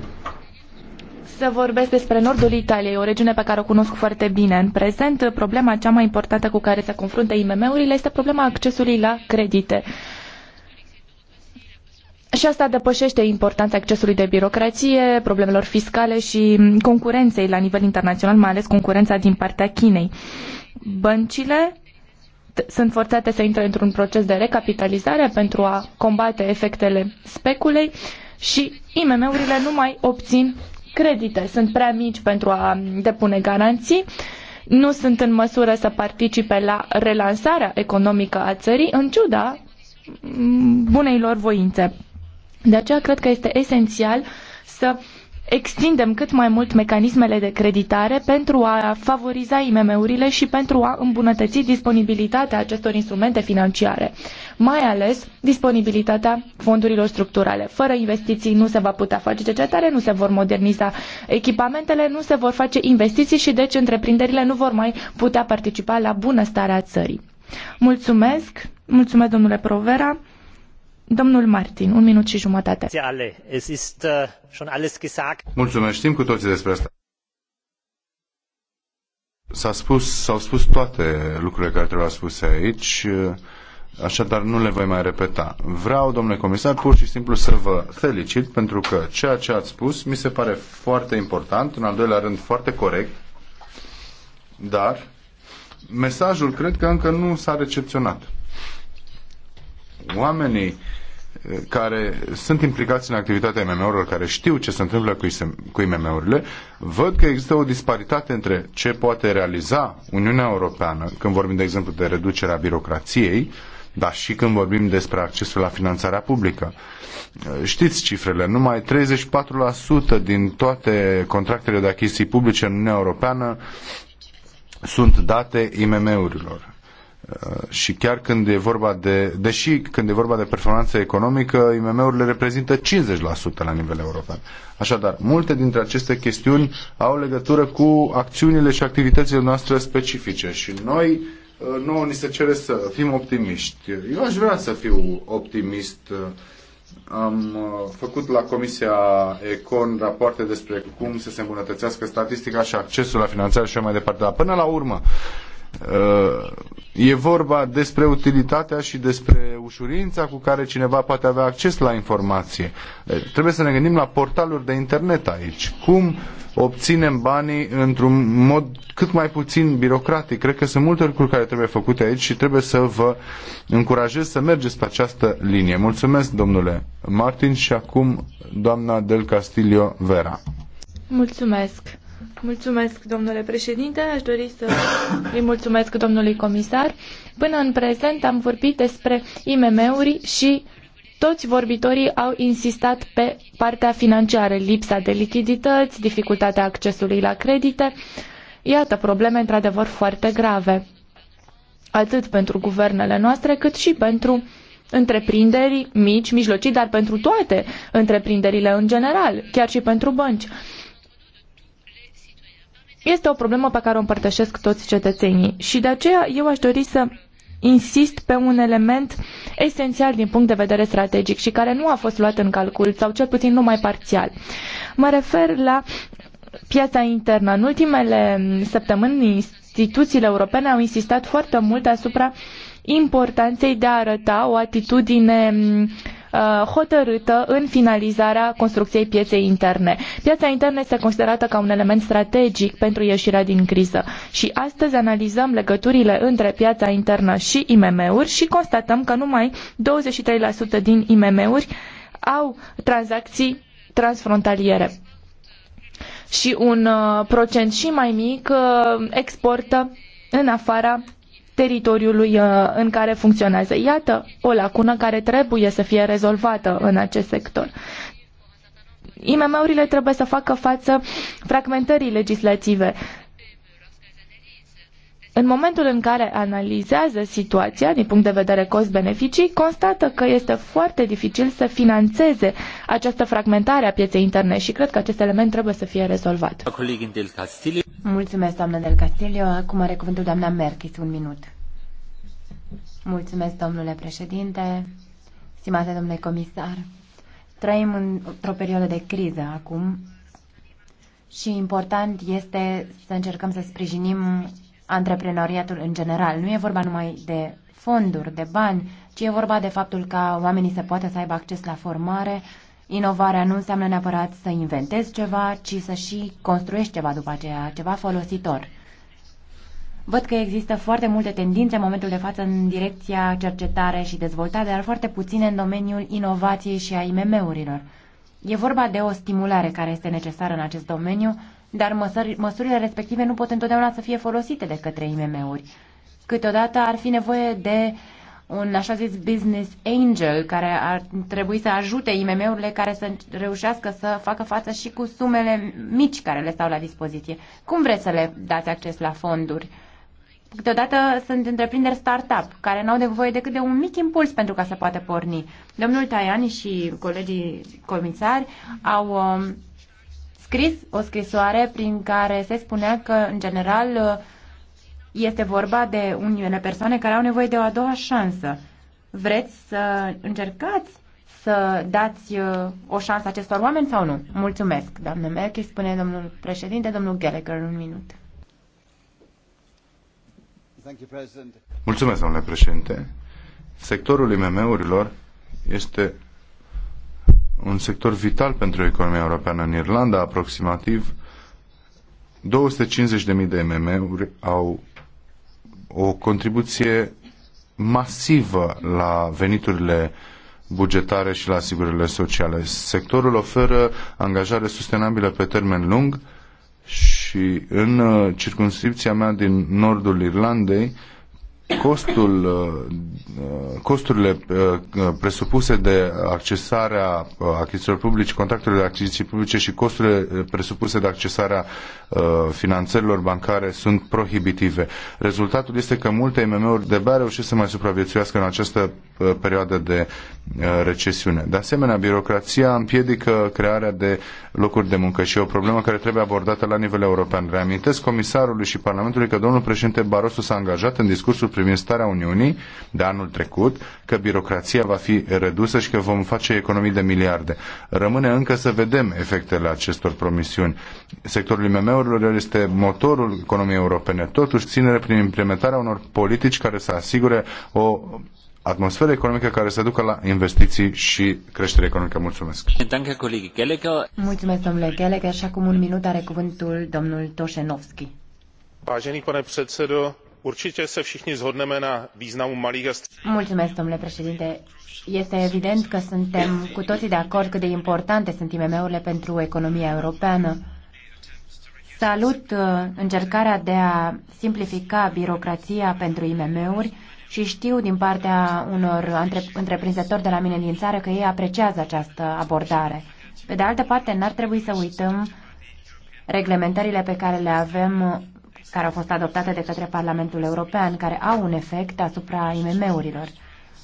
să vorbesc despre nordul Italiei, o regiune pe care o cunosc foarte bine. În prezent, problema cea mai importantă cu care se confruntă IMM-urile este problema accesului la credite. Și asta depășește importanța accesului de birocrație, problemelor fiscale și concurenței la nivel internațional, mai ales concurența din partea Chinei. Băncile sunt forțate să intre într-un proces de recapitalizare pentru a combate efectele speculei și IMM-urile nu mai obțin credite, sunt prea mici pentru a depune garanții, nu sunt în măsură să participe la relansarea economică a țării, în ciuda bunei lor voințe. De aceea cred că este esențial să extindem cât mai mult mecanismele de creditare pentru a favoriza IMM-urile și pentru a îmbunătăți disponibilitatea acestor instrumente financiare, mai ales disponibilitatea fondurilor structurale. Fără investiții nu se va putea face cercetare, nu se vor moderniza echipamentele, nu se vor face investiții și deci întreprinderile nu vor mai putea participa la bunăstarea țării. Mulțumesc, mulțumesc domnule Provera. Domnul Martin, un minut și jumătate. Uh, Mulțumesc, știm cu toții despre asta. S-a spus, s-au spus toate lucrurile care trebuie spuse aici, uh, așadar nu le voi mai repeta. Vreau, domnule comisar, pur și simplu să vă felicit pentru că ceea ce ați spus mi se pare foarte important, în al doilea rând foarte corect, dar mesajul cred că încă nu s-a recepționat oamenii care sunt implicați în activitatea MMO-urilor, care știu ce se întâmplă cu IMM-urile, văd că există o disparitate între ce poate realiza Uniunea Europeană, când vorbim, de exemplu, de reducerea birocrației, dar și când vorbim despre accesul la finanțarea publică. Știți cifrele, numai 34% din toate contractele de achiziții publice în Uniunea Europeană sunt date IMM-urilor. Uh, și chiar când e vorba de, deși când e vorba de performanță economică, IMM-urile reprezintă 50% la nivel european. Așadar, multe dintre aceste chestiuni au legătură cu acțiunile și activitățile noastre specifice și noi uh, nu ni se cere să fim optimiști. Eu aș vrea să fiu optimist. Uh, am făcut la Comisia Econ rapoarte despre cum să se îmbunătățească statistica și accesul la finanțare și mai departe. Dar până la urmă, Uh, e vorba despre utilitatea și despre ușurința cu care cineva poate avea acces la informație. Uh, trebuie să ne gândim la portaluri de internet aici. Cum obținem banii într-un mod cât mai puțin birocratic? Cred că sunt multe lucruri care trebuie făcute aici și trebuie să vă încurajez să mergeți pe această linie. Mulțumesc, domnule Martin, și acum doamna Del Castillo Vera. Mulțumesc. Mulțumesc, domnule președinte. Aș dori să îi mulțumesc domnului comisar. Până în prezent am vorbit despre IMM-uri și toți vorbitorii au insistat pe partea financiară, lipsa de lichidități, dificultatea accesului la credite. Iată probleme într-adevăr foarte grave, atât pentru guvernele noastre, cât și pentru întreprinderi mici, mijlocii, dar pentru toate întreprinderile în general, chiar și pentru bănci este o problemă pe care o împărtășesc toți cetățenii și de aceea eu aș dori să insist pe un element esențial din punct de vedere strategic și care nu a fost luat în calcul sau cel puțin numai parțial. Mă refer la piața internă. În ultimele săptămâni, instituțiile europene au insistat foarte mult asupra importanței de a arăta o atitudine Uh, hotărâtă în finalizarea construcției pieței interne. Piața internă este considerată ca un element strategic pentru ieșirea din criză și astăzi analizăm legăturile între piața internă și IMM-uri și constatăm că numai 23% din IMM-uri au tranzacții transfrontaliere și un uh, procent și mai mic uh, exportă în afara teritoriului uh, în care funcționează. Iată o lacună care trebuie să fie rezolvată în acest sector. IMM-urile trebuie să facă față fragmentării legislative în momentul în care analizează situația din punct de vedere cost-beneficii, constată că este foarte dificil să financeze această fragmentare a pieței interne și cred că acest element trebuie să fie rezolvat. Mulțumesc, doamnă Del Castillo. Acum are cuvântul doamna Merkis, un minut. Mulțumesc, domnule președinte, stimate domnule comisar. Trăim într-o perioadă de criză acum și important este să încercăm să sprijinim antreprenoriatul în general. Nu e vorba numai de fonduri, de bani, ci e vorba de faptul ca oamenii să poată să aibă acces la formare. Inovarea nu înseamnă neapărat să inventezi ceva, ci să și construiești ceva după aceea, ceva folositor. Văd că există foarte multe tendințe în momentul de față în direcția cercetare și dezvoltare, dar foarte puține în domeniul inovației și a IMM-urilor. E vorba de o stimulare care este necesară în acest domeniu dar măsări, măsurile respective nu pot întotdeauna să fie folosite de către IMM-uri. Câteodată ar fi nevoie de un așa zis business angel care ar trebui să ajute IMM-urile care să reușească să facă față și cu sumele mici care le stau la dispoziție. Cum vreți să le dați acces la fonduri? Câteodată sunt întreprinderi startup care n-au nevoie decât de un mic impuls pentru ca să poată porni. Domnul Taiani și colegii comisari au um, scris o scrisoare prin care se spunea că, în general, este vorba de unele persoane care au nevoie de o a doua șansă. Vreți să încercați să dați uh, o șansă acestor oameni sau nu? Mulțumesc, doamnă Merkel, spune domnul președinte, domnul Gallagher, un minut. Mulțumesc, domnule președinte. Sectorul IMM-urilor este un sector vital pentru economia europeană. În Irlanda, aproximativ 250.000 de MM-uri au o contribuție masivă la veniturile bugetare și la asigurările sociale. Sectorul oferă angajare sustenabilă pe termen lung și în uh, circunscripția mea din nordul Irlandei costul, uh, uh, costurile uh, presupuse de accesarea achizițiilor publice, contractele de achiziții publice și costurile presupuse de accesarea finanțărilor bancare sunt prohibitive. Rezultatul este că multe IMM-uri de bea reușesc să mai supraviețuiască în această perioadă de recesiune. De asemenea, birocrația împiedică crearea de locuri de muncă și e o problemă care trebuie abordată la nivel european. Reamintesc Comisarului și Parlamentului că domnul președinte Barroso s-a angajat în discursul privind starea Uniunii de anul trecut, că birocrația va fi redusă și că vom face economii de miliarde. Rămâne încă să vedem efectele acestor promisiuni. Sectorul IMM-urilor este motorul economiei europene. Totuși, ținere prin implementarea unor politici care să asigure o atmosferă economică care să ducă la investiții și creștere economică. Mulțumesc! Mulțumesc, domnule Gallagher, și acum un minut are cuvântul domnul Toșenovski. Vážený pane předsedo, určitě se všichni shodneme na významu malých a Mulțumesc, domnule președinte. Este evident că suntem cu toții de acord cât de importante sunt IMM-urile pentru economia europeană. Salut uh, încercarea de a simplifica birocrația pentru IMM-uri și știu din partea unor întreprinzători de la mine din țară că ei apreciază această abordare. Pe de altă parte, n-ar trebui să uităm reglementările pe care le avem care au fost adoptate de către Parlamentul European, care au un efect asupra IMM-urilor.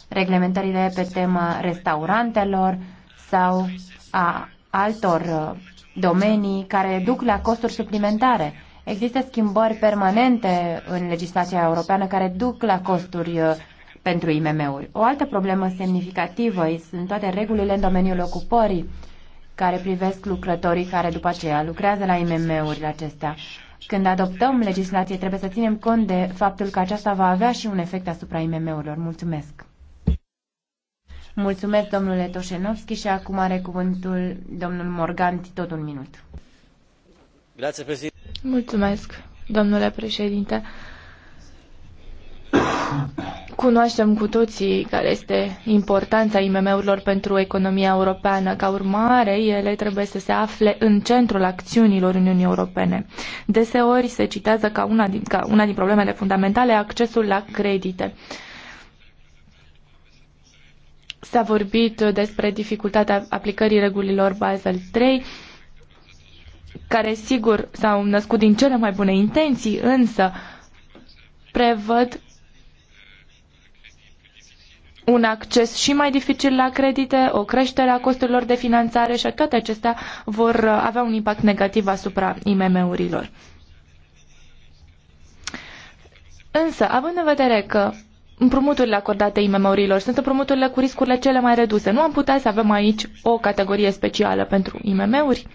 Reglementările pe tema restaurantelor sau a altor uh, domenii care duc la costuri suplimentare. Există schimbări permanente în legislația europeană care duc la costuri uh, pentru IMM-uri. O altă problemă semnificativă sunt toate regulile în domeniul ocupării care privesc lucrătorii care după aceea lucrează la IMM-urile acestea. Când adoptăm legislație, trebuie să ținem cont de faptul că aceasta va avea și un efect asupra IMM-urilor. Mulțumesc! Mulțumesc, domnule Toșenovski, și acum are cuvântul domnul Morganti, tot un minut. Mulțumesc, domnule președinte. Cunoaștem cu toții care este importanța IMM-urilor pentru economia europeană. Ca urmare, ele trebuie să se afle în centrul acțiunilor Uniunii Europene. Deseori se citează ca una din, ca una din problemele fundamentale accesul la credite. S-a vorbit despre dificultatea aplicării regulilor Basel III, care sigur s-au născut din cele mai bune intenții, însă prevăd un acces și mai dificil la credite, o creștere a costurilor de finanțare și toate acestea vor avea un impact negativ asupra IMM-urilor. Însă, având în vedere că împrumuturile acordate IMM-urilor sunt împrumuturile cu riscurile cele mai reduse, nu am putea să avem aici o categorie specială pentru IMM-uri?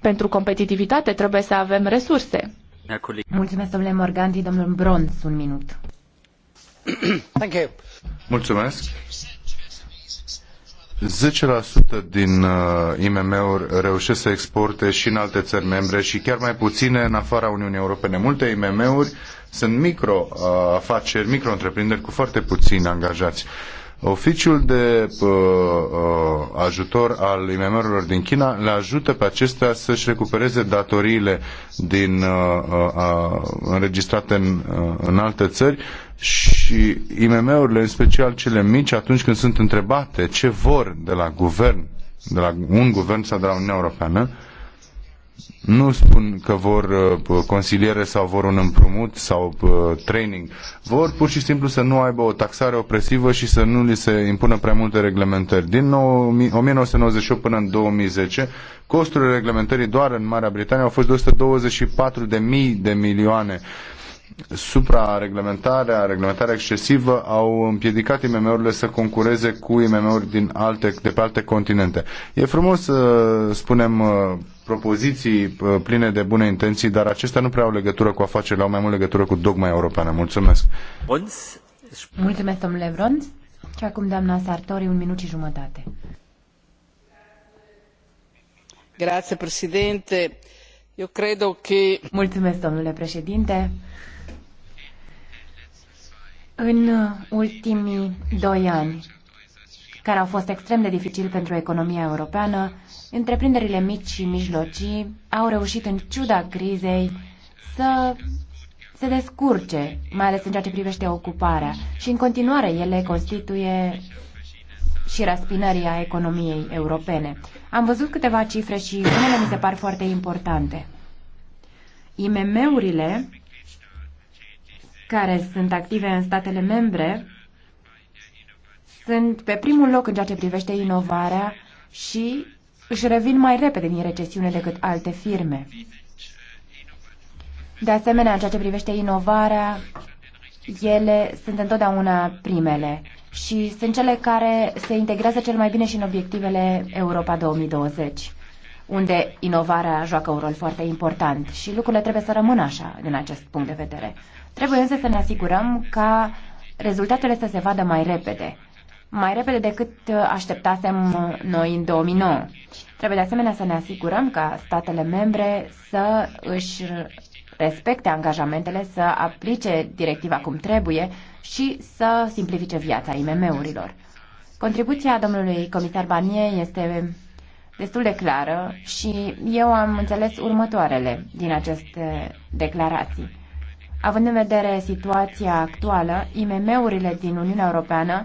Pentru competitivitate trebuie să avem resurse. Mulțumesc, domnule Morganti. Domnul Bronz, un minut. Mulțumesc. sută din uh, IMM-uri reușesc să exporte și în alte țări membre și chiar mai puține în afara Uniunii Europene. Multe IMM-uri sunt micro uh, afaceri, micro întreprinderi cu foarte puțini angajați. Uh, Oficiul de uh, uh, ajutor al imm din China le ajută pe acestea să-și recupereze datoriile din, uh, uh, înregistrate în, uh, în alte țări și IMM-urile, în special cele mici, atunci când sunt întrebate ce vor de la guvern, de la un guvern sau de la Uniunea Europeană, uh, nu spun că vor uh, consiliere sau vor un împrumut sau training. Vor pur și simplu să nu aibă o taxare opresivă și să nu li se impună prea multe reglementări. Din 1998 până în 2010, costurile reglementării doar în Marea Britanie au fost 224 de mii de milioane suprareglementarea, reglementarea excesivă au împiedicat IMM-urile să concureze cu IMM-uri din alte, de pe alte continente. E frumos să spunem uh, propoziții uh, pline de bune intenții, dar acestea nu prea au legătură cu afacerile, au mai mult legătură cu dogma europeană. Mulțumesc! Mulțumesc, domnule Vronț. Și acum, doamna Sartori, un minut și jumătate. Grazie, președinte. Eu cred că... Okay. Mulțumesc, domnule președinte. În ultimii doi ani, care au fost extrem de dificili pentru economia europeană, Întreprinderile mici și mijlocii au reușit, în ciuda crizei, să se descurce, mai ales în ceea ce privește ocuparea. Și în continuare ele constituie și raspinării economiei europene. Am văzut câteva cifre și unele mi se par foarte importante. IMM-urile care sunt active în statele membre sunt pe primul loc în ceea ce privește inovarea și își revin mai repede din recesiune decât alte firme. De asemenea, în ceea ce privește inovarea, ele sunt întotdeauna primele și sunt cele care se integrează cel mai bine și în obiectivele Europa 2020, unde inovarea joacă un rol foarte important și lucrurile trebuie să rămână așa din acest punct de vedere. Trebuie însă să ne asigurăm ca rezultatele să se vadă mai repede mai repede decât uh, așteptasem uh, noi în 2009. Trebuie de asemenea să ne asigurăm ca statele membre să își respecte angajamentele, să aplice directiva cum trebuie și să simplifice viața IMM-urilor. Contribuția domnului comisar Barnier este destul de clară și eu am înțeles următoarele din aceste declarații. Având în vedere situația actuală, IMM-urile din Uniunea Europeană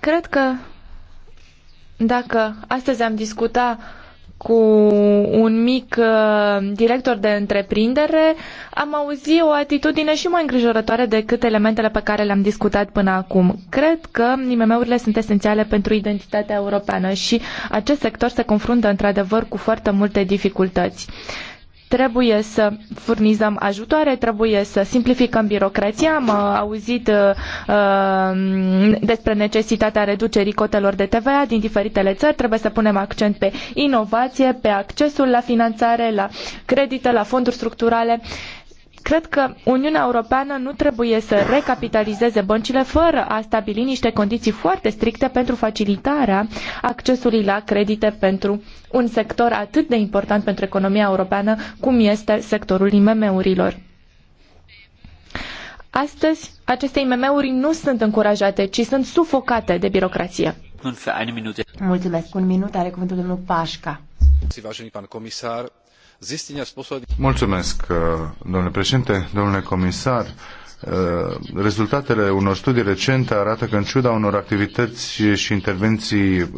Cred că dacă astăzi am discutat cu un mic uh, director de întreprindere, am auzit o atitudine și mai îngrijorătoare decât elementele pe care le-am discutat până acum. Cred că IMM-urile sunt esențiale pentru identitatea europeană și acest sector se confruntă într-adevăr cu foarte multe dificultăți. Uh, Trebuie să furnizăm ajutoare, trebuie să simplificăm birocrația. Am uh, auzit uh, uh, despre necesitatea reducerii cotelor de TVA din diferitele țări. Trebuie să punem accent pe inovație, pe accesul la finanțare, la credite, la fonduri structurale. Uh, Cred că Uniunea Europeană nu trebuie să recapitalizeze băncile fără a stabili niște condiții foarte stricte pentru facilitarea accesului la credite pentru un sector atât de important pentru economia europeană cum este sectorul IMM-urilor. Astăzi, aceste IMM-uri nu sunt încurajate, ci sunt sufocate de birocrație. Mulțumesc. Un minut are cuvântul domnul Pașca. Vážený pan Comisar. Zistenia z posledných... Mulțumesc, uh, domnule președinte, domnule comisar. Uh, rezultatele unor studii recente arată că în ciuda unor activități și intervenții uh,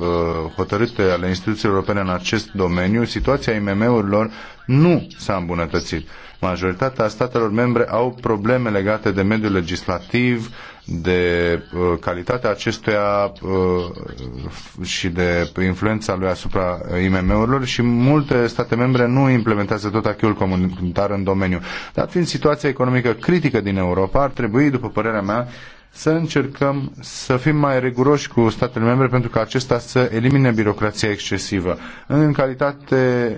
hotărâte ale instituțiilor europene în acest domeniu, situația IMM-urilor nu s-a îmbunătățit. Majoritatea statelor membre au probleme legate de mediul legislativ, de uh, calitatea acestuia uh, și de influența lui asupra IMM-urilor și multe state membre nu implementează tot acheul comunitar în domeniu. Dar fiind situația economică critică din Europa, ar trebui, după părerea mea, să încercăm să fim mai riguroși cu statele membre pentru ca acesta să elimine birocrația excesivă. În calitate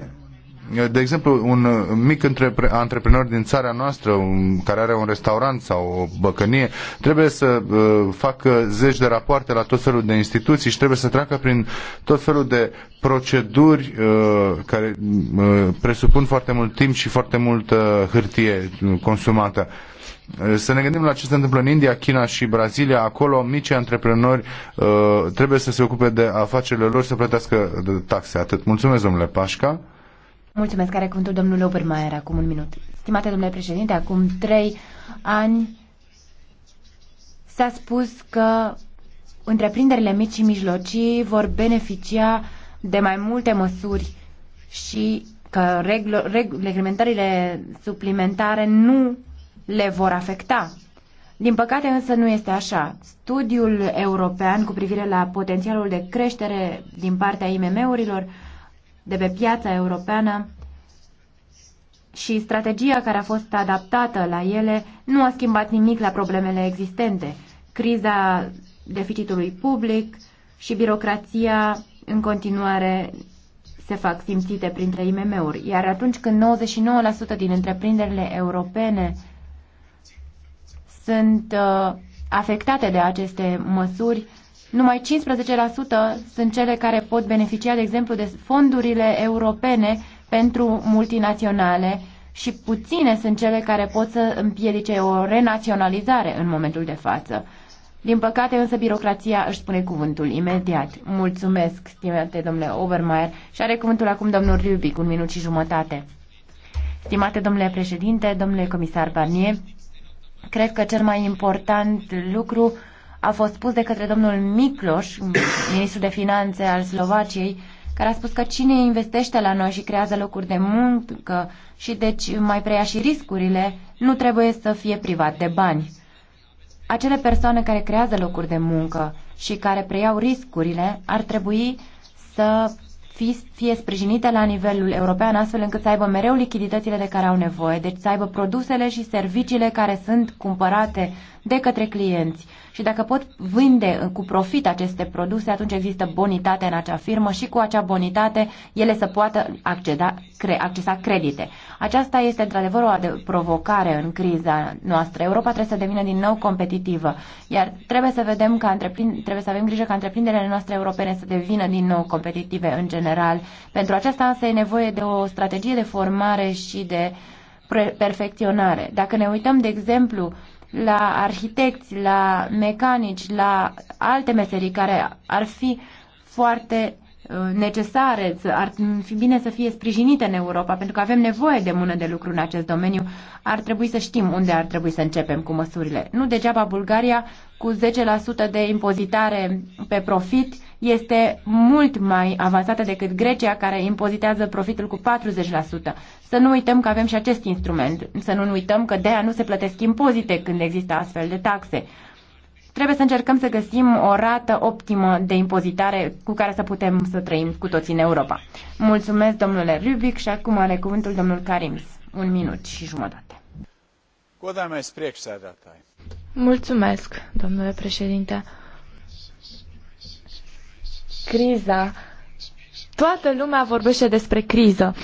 de exemplu, un mic antreprenor din țara noastră un, care are un restaurant sau o băcănie trebuie să uh, facă zeci de rapoarte la tot felul de instituții și trebuie să treacă prin tot felul de proceduri uh, care uh, presupun foarte mult timp și foarte multă hârtie consumată. Uh, să ne gândim la ce se întâmplă în India, China și Brazilia. Acolo mici antreprenori uh, trebuie să se ocupe de afacerile lor să plătească taxe. Atât. Mulțumesc, domnule Pașca. Mulțumesc, care cuvântul domnul Obermaier, acum un minut. Stimate domnule președinte, acum trei ani s-a spus că întreprinderile mici și mijlocii vor beneficia de mai multe măsuri și că reglementările suplimentare nu le vor afecta. Din păcate însă nu este așa. Studiul european cu privire la potențialul de creștere din partea IMM-urilor de pe piața europeană și strategia care a fost adaptată la ele nu a schimbat nimic la problemele existente. Criza deficitului public și birocrația în continuare se fac simțite printre IMM-uri, iar atunci când 99% din întreprinderile europene sunt uh, afectate de aceste măsuri, numai 15% sunt cele care pot beneficia, de exemplu, de fondurile europene pentru multinaționale și puține sunt cele care pot să împiedice o renaționalizare în momentul de față. Din păcate, însă, birocrația își spune cuvântul imediat. Mulțumesc, stimate domnule Obermeier, și are cuvântul acum domnul Rubic, un minut și jumătate. Stimate domnule președinte, domnule comisar Barnier, cred că cel mai important lucru a fost spus de către domnul Micloș, ministrul de finanțe al Slovaciei, care a spus că cine investește la noi și creează locuri de muncă și deci mai preia și riscurile, nu trebuie să fie privat de bani. Acele persoane care creează locuri de muncă și care preiau riscurile ar trebui să fie sprijinite la nivelul european astfel încât să aibă mereu lichiditățile de care au nevoie, deci să aibă produsele și serviciile care sunt cumpărate de către clienți. Și dacă pot vinde cu profit aceste produse, atunci există bonitate în acea firmă și cu acea bonitate ele să poată acceda, cre, accesa credite. Aceasta este într-adevăr o provocare în criza noastră. Europa trebuie să devină din nou competitivă, iar trebuie să vedem că trebuie să avem grijă ca întreprinderile noastre europene să devină din nou competitive în general general. Pentru aceasta însă e nevoie de o strategie de formare și de perfecționare. Dacă ne uităm, de exemplu, la arhitecți, la mecanici, la alte meserii care ar fi foarte Uh, necesare, ar fi bine să fie sprijinite în Europa, pentru că avem nevoie de mână de lucru în acest domeniu, ar trebui să știm unde ar trebui să începem cu măsurile. Nu degeaba Bulgaria cu 10% de impozitare pe profit este mult mai avansată decât Grecia, care impozitează profitul cu 40%. Să nu uităm că avem și acest instrument, să nu uităm că de aia nu se plătesc impozite când există astfel de taxe. Trebuie să încercăm să găsim o rată optimă de impozitare cu care să putem să trăim cu toții în Europa. Mulțumesc, domnule Rubic, și acum are cuvântul domnul Karims. Un minut și jumătate. Mulțumesc, domnule președinte. Criza. Toată lumea vorbește despre criză.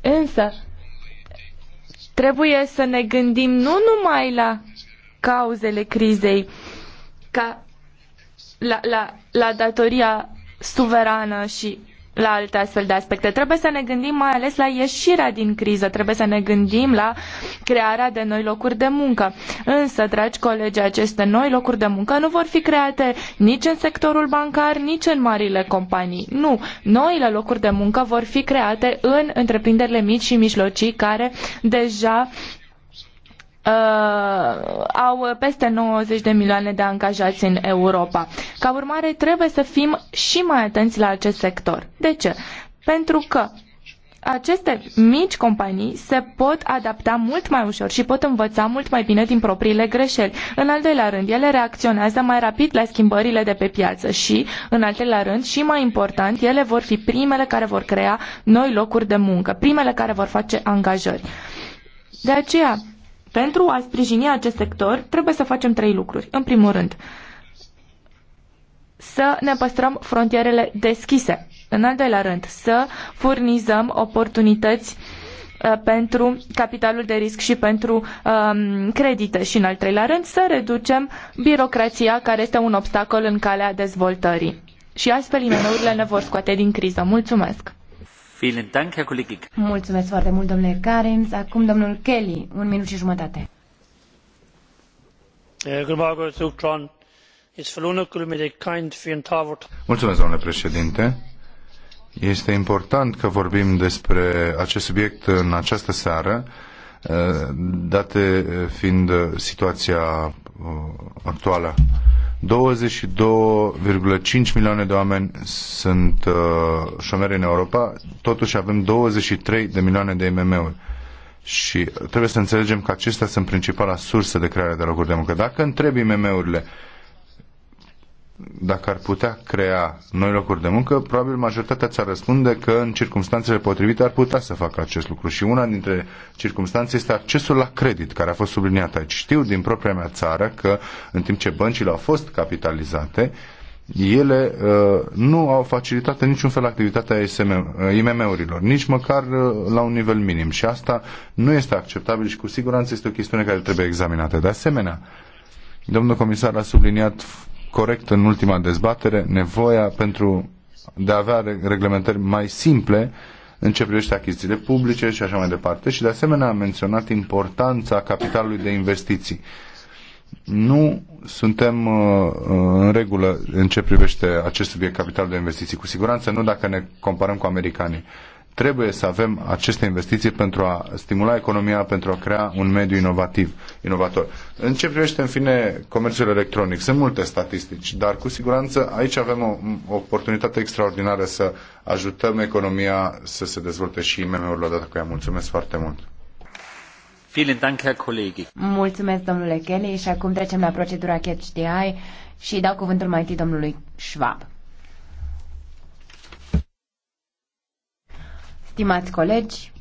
Însă, Trebuie să ne gândim nu numai la cauzele crizei, ca la, la, la datoria suverană și la alte astfel de aspecte. Trebuie să ne gândim mai ales la ieșirea din criză, trebuie să ne gândim la crearea de noi locuri de muncă. Însă, dragi colegi, aceste noi locuri de muncă nu vor fi create nici în sectorul bancar, nici în marile companii. Nu, noile locuri de muncă vor fi create în întreprinderile mici și mijlocii care deja uh, au peste 90 de milioane de angajați în Europa. Ca urmare, trebuie să fim și mai atenți la acest sector. De ce? Pentru că aceste mici companii se pot adapta mult mai ușor și pot învăța mult mai bine din propriile greșeli. În al doilea rând, ele reacționează mai rapid la schimbările de pe piață și, în al treilea rând, și mai important, ele vor fi primele care vor crea noi locuri de muncă, primele care vor face angajări. De aceea, pentru a sprijini acest sector, trebuie să facem trei lucruri. În primul rând, să ne păstrăm frontierele deschise. În al doilea rând, să furnizăm oportunități uh, pentru capitalul de risc și pentru um, credite și în al treilea rând să reducem birocrația care este un obstacol în calea dezvoltării. Și astfel imm ne vor scoate din criză. Mulțumesc! Mulțumesc foarte mult, domnule Karims. Acum domnul Kelly, un minut și jumătate. Eh, Mulțumesc, domnule președinte. Este important că vorbim despre acest subiect în această seară, eh, date fiind situația eh, actuală 22,5 milioane de oameni sunt uh, șomeri în Europa, totuși avem 23 de milioane de mm uri Și trebuie să înțelegem că acestea sunt principala sursă de creare de locuri de muncă. Dacă întrebi mm urile uh, dacă ar putea crea noi locuri de muncă, probabil majoritatea ți-ar răspunde că în circunstanțele potrivite ar putea să facă acest lucru. Și una dintre circunstanțe este accesul la credit, care a fost subliniat aici. Știu din propria mea țară că în timp ce băncile au fost capitalizate, ele uh, nu au facilitat niciun fel activitatea IMM-urilor, uh, nici măcar uh, la un nivel minim. Și asta nu este acceptabil și cu siguranță este o chestiune care trebuie examinată. De asemenea, domnul comisar a subliniat corect în ultima dezbatere nevoia pentru de a avea reglementări mai simple în ce privește achizițiile publice și așa mai departe și de asemenea a menționat importanța capitalului de investiții. Nu suntem uh, uh în regulă în ce privește acest subiect capital de investiții. Cu siguranță nu dacă ne comparăm cu americanii. Uh, Trebuie să avem aceste investiții pentru a stimula economia, pentru a crea un mediu inovativ, inovator. În ce privește, în fine, comerțul electronic? Sunt multe statistici, dar cu siguranță aici avem o, o oportunitate extraordinară să ajutăm economia să se dezvolte și IMM-urile odată cu ea. Mulțumesc foarte mult! Mulțumesc, domnule Kelly, și acum trecem la procedura catch the eye și dau cuvântul mai întâi domnului Schwab. Stimați colegi,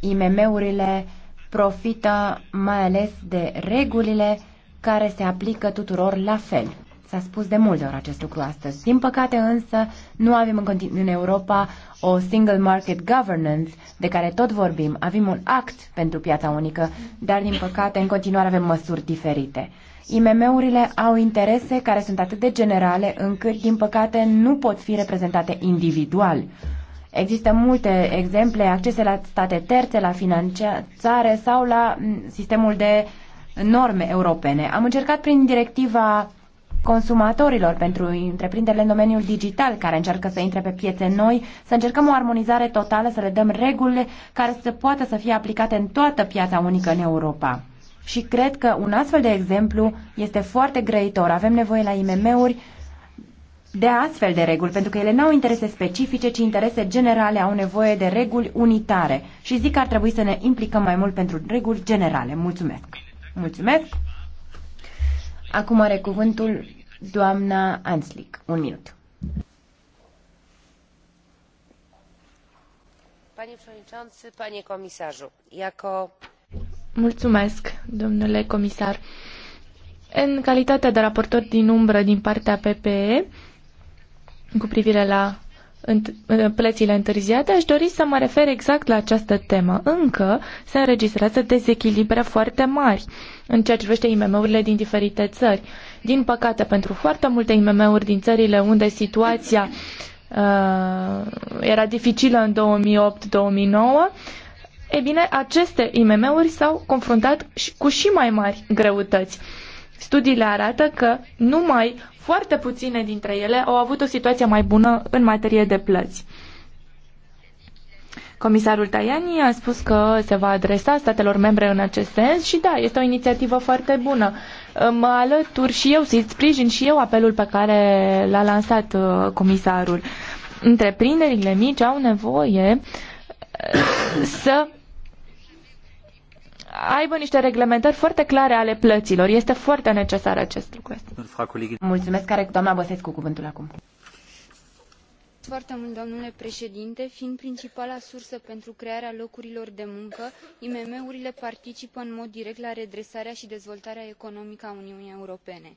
IMM-urile profită mai ales de regulile care se aplică tuturor la fel. S-a spus de multe ori acest lucru astăzi. Din păcate însă, nu avem în, continu- în Europa o single market governance de care tot vorbim. Avem un act pentru piața unică, dar din păcate în continuare avem măsuri diferite. IMM-urile au interese care sunt atât de generale încât, din păcate, nu pot fi reprezentate individual. Există multe exemple, accese la state terțe, la finanțare sau la sistemul de norme europene. Am încercat prin directiva consumatorilor pentru întreprinderile în domeniul digital care încearcă să intre pe piețe noi, să încercăm o armonizare totală, să le dăm regulile care să poată să fie aplicate în toată piața unică în Europa. Și cred că un astfel de exemplu este foarte grăitor. Avem nevoie la IMM-uri de astfel de reguli, pentru că ele n-au interese specifice, ci interese generale, au nevoie de reguli unitare. Și zic că ar trebui să ne implicăm mai mult pentru reguli generale. Mulțumesc! Mulțumesc! Acum are cuvântul doamna Anslick. Un minut. Panie przewodniczący, panie komisarzu, jako... Mulțumesc, domnule comisar. În calitate de raportor din umbră din partea PPE, cu privire la ă, plățile întârziate, aș dori să mă refer exact la această temă. Încă se înregistrează dezechilibre foarte mari în ceea ce privește IMM-urile din diferite țări. Din păcate, pentru foarte multe IMM-uri din țările unde situația uh, era dificilă în 2008-2009, e bine, aceste IMM-uri s-au confruntat cu și mai mari greutăți. Uh, Studiile arată că numai foarte puține dintre ele au avut o situație mai bună în materie de plăți. Comisarul Tajani a spus că se va adresa statelor membre în acest sens și da, este o inițiativă foarte bună. Mă alătur și eu să-i sprijin și eu apelul pe care l-a lansat uh, comisarul. Întreprinderile mici au nevoie uh, să aibă niște reglementări foarte clare ale plăților. Este foarte necesar acest lucru. Mulțumesc, care doamna Băsescu cuvântul acum. Foarte mult, domnule președinte. Fiind principala sursă pentru crearea locurilor de muncă, IMM urile participă în mod direct la redresarea și dezvoltarea economică a Uniunii Europene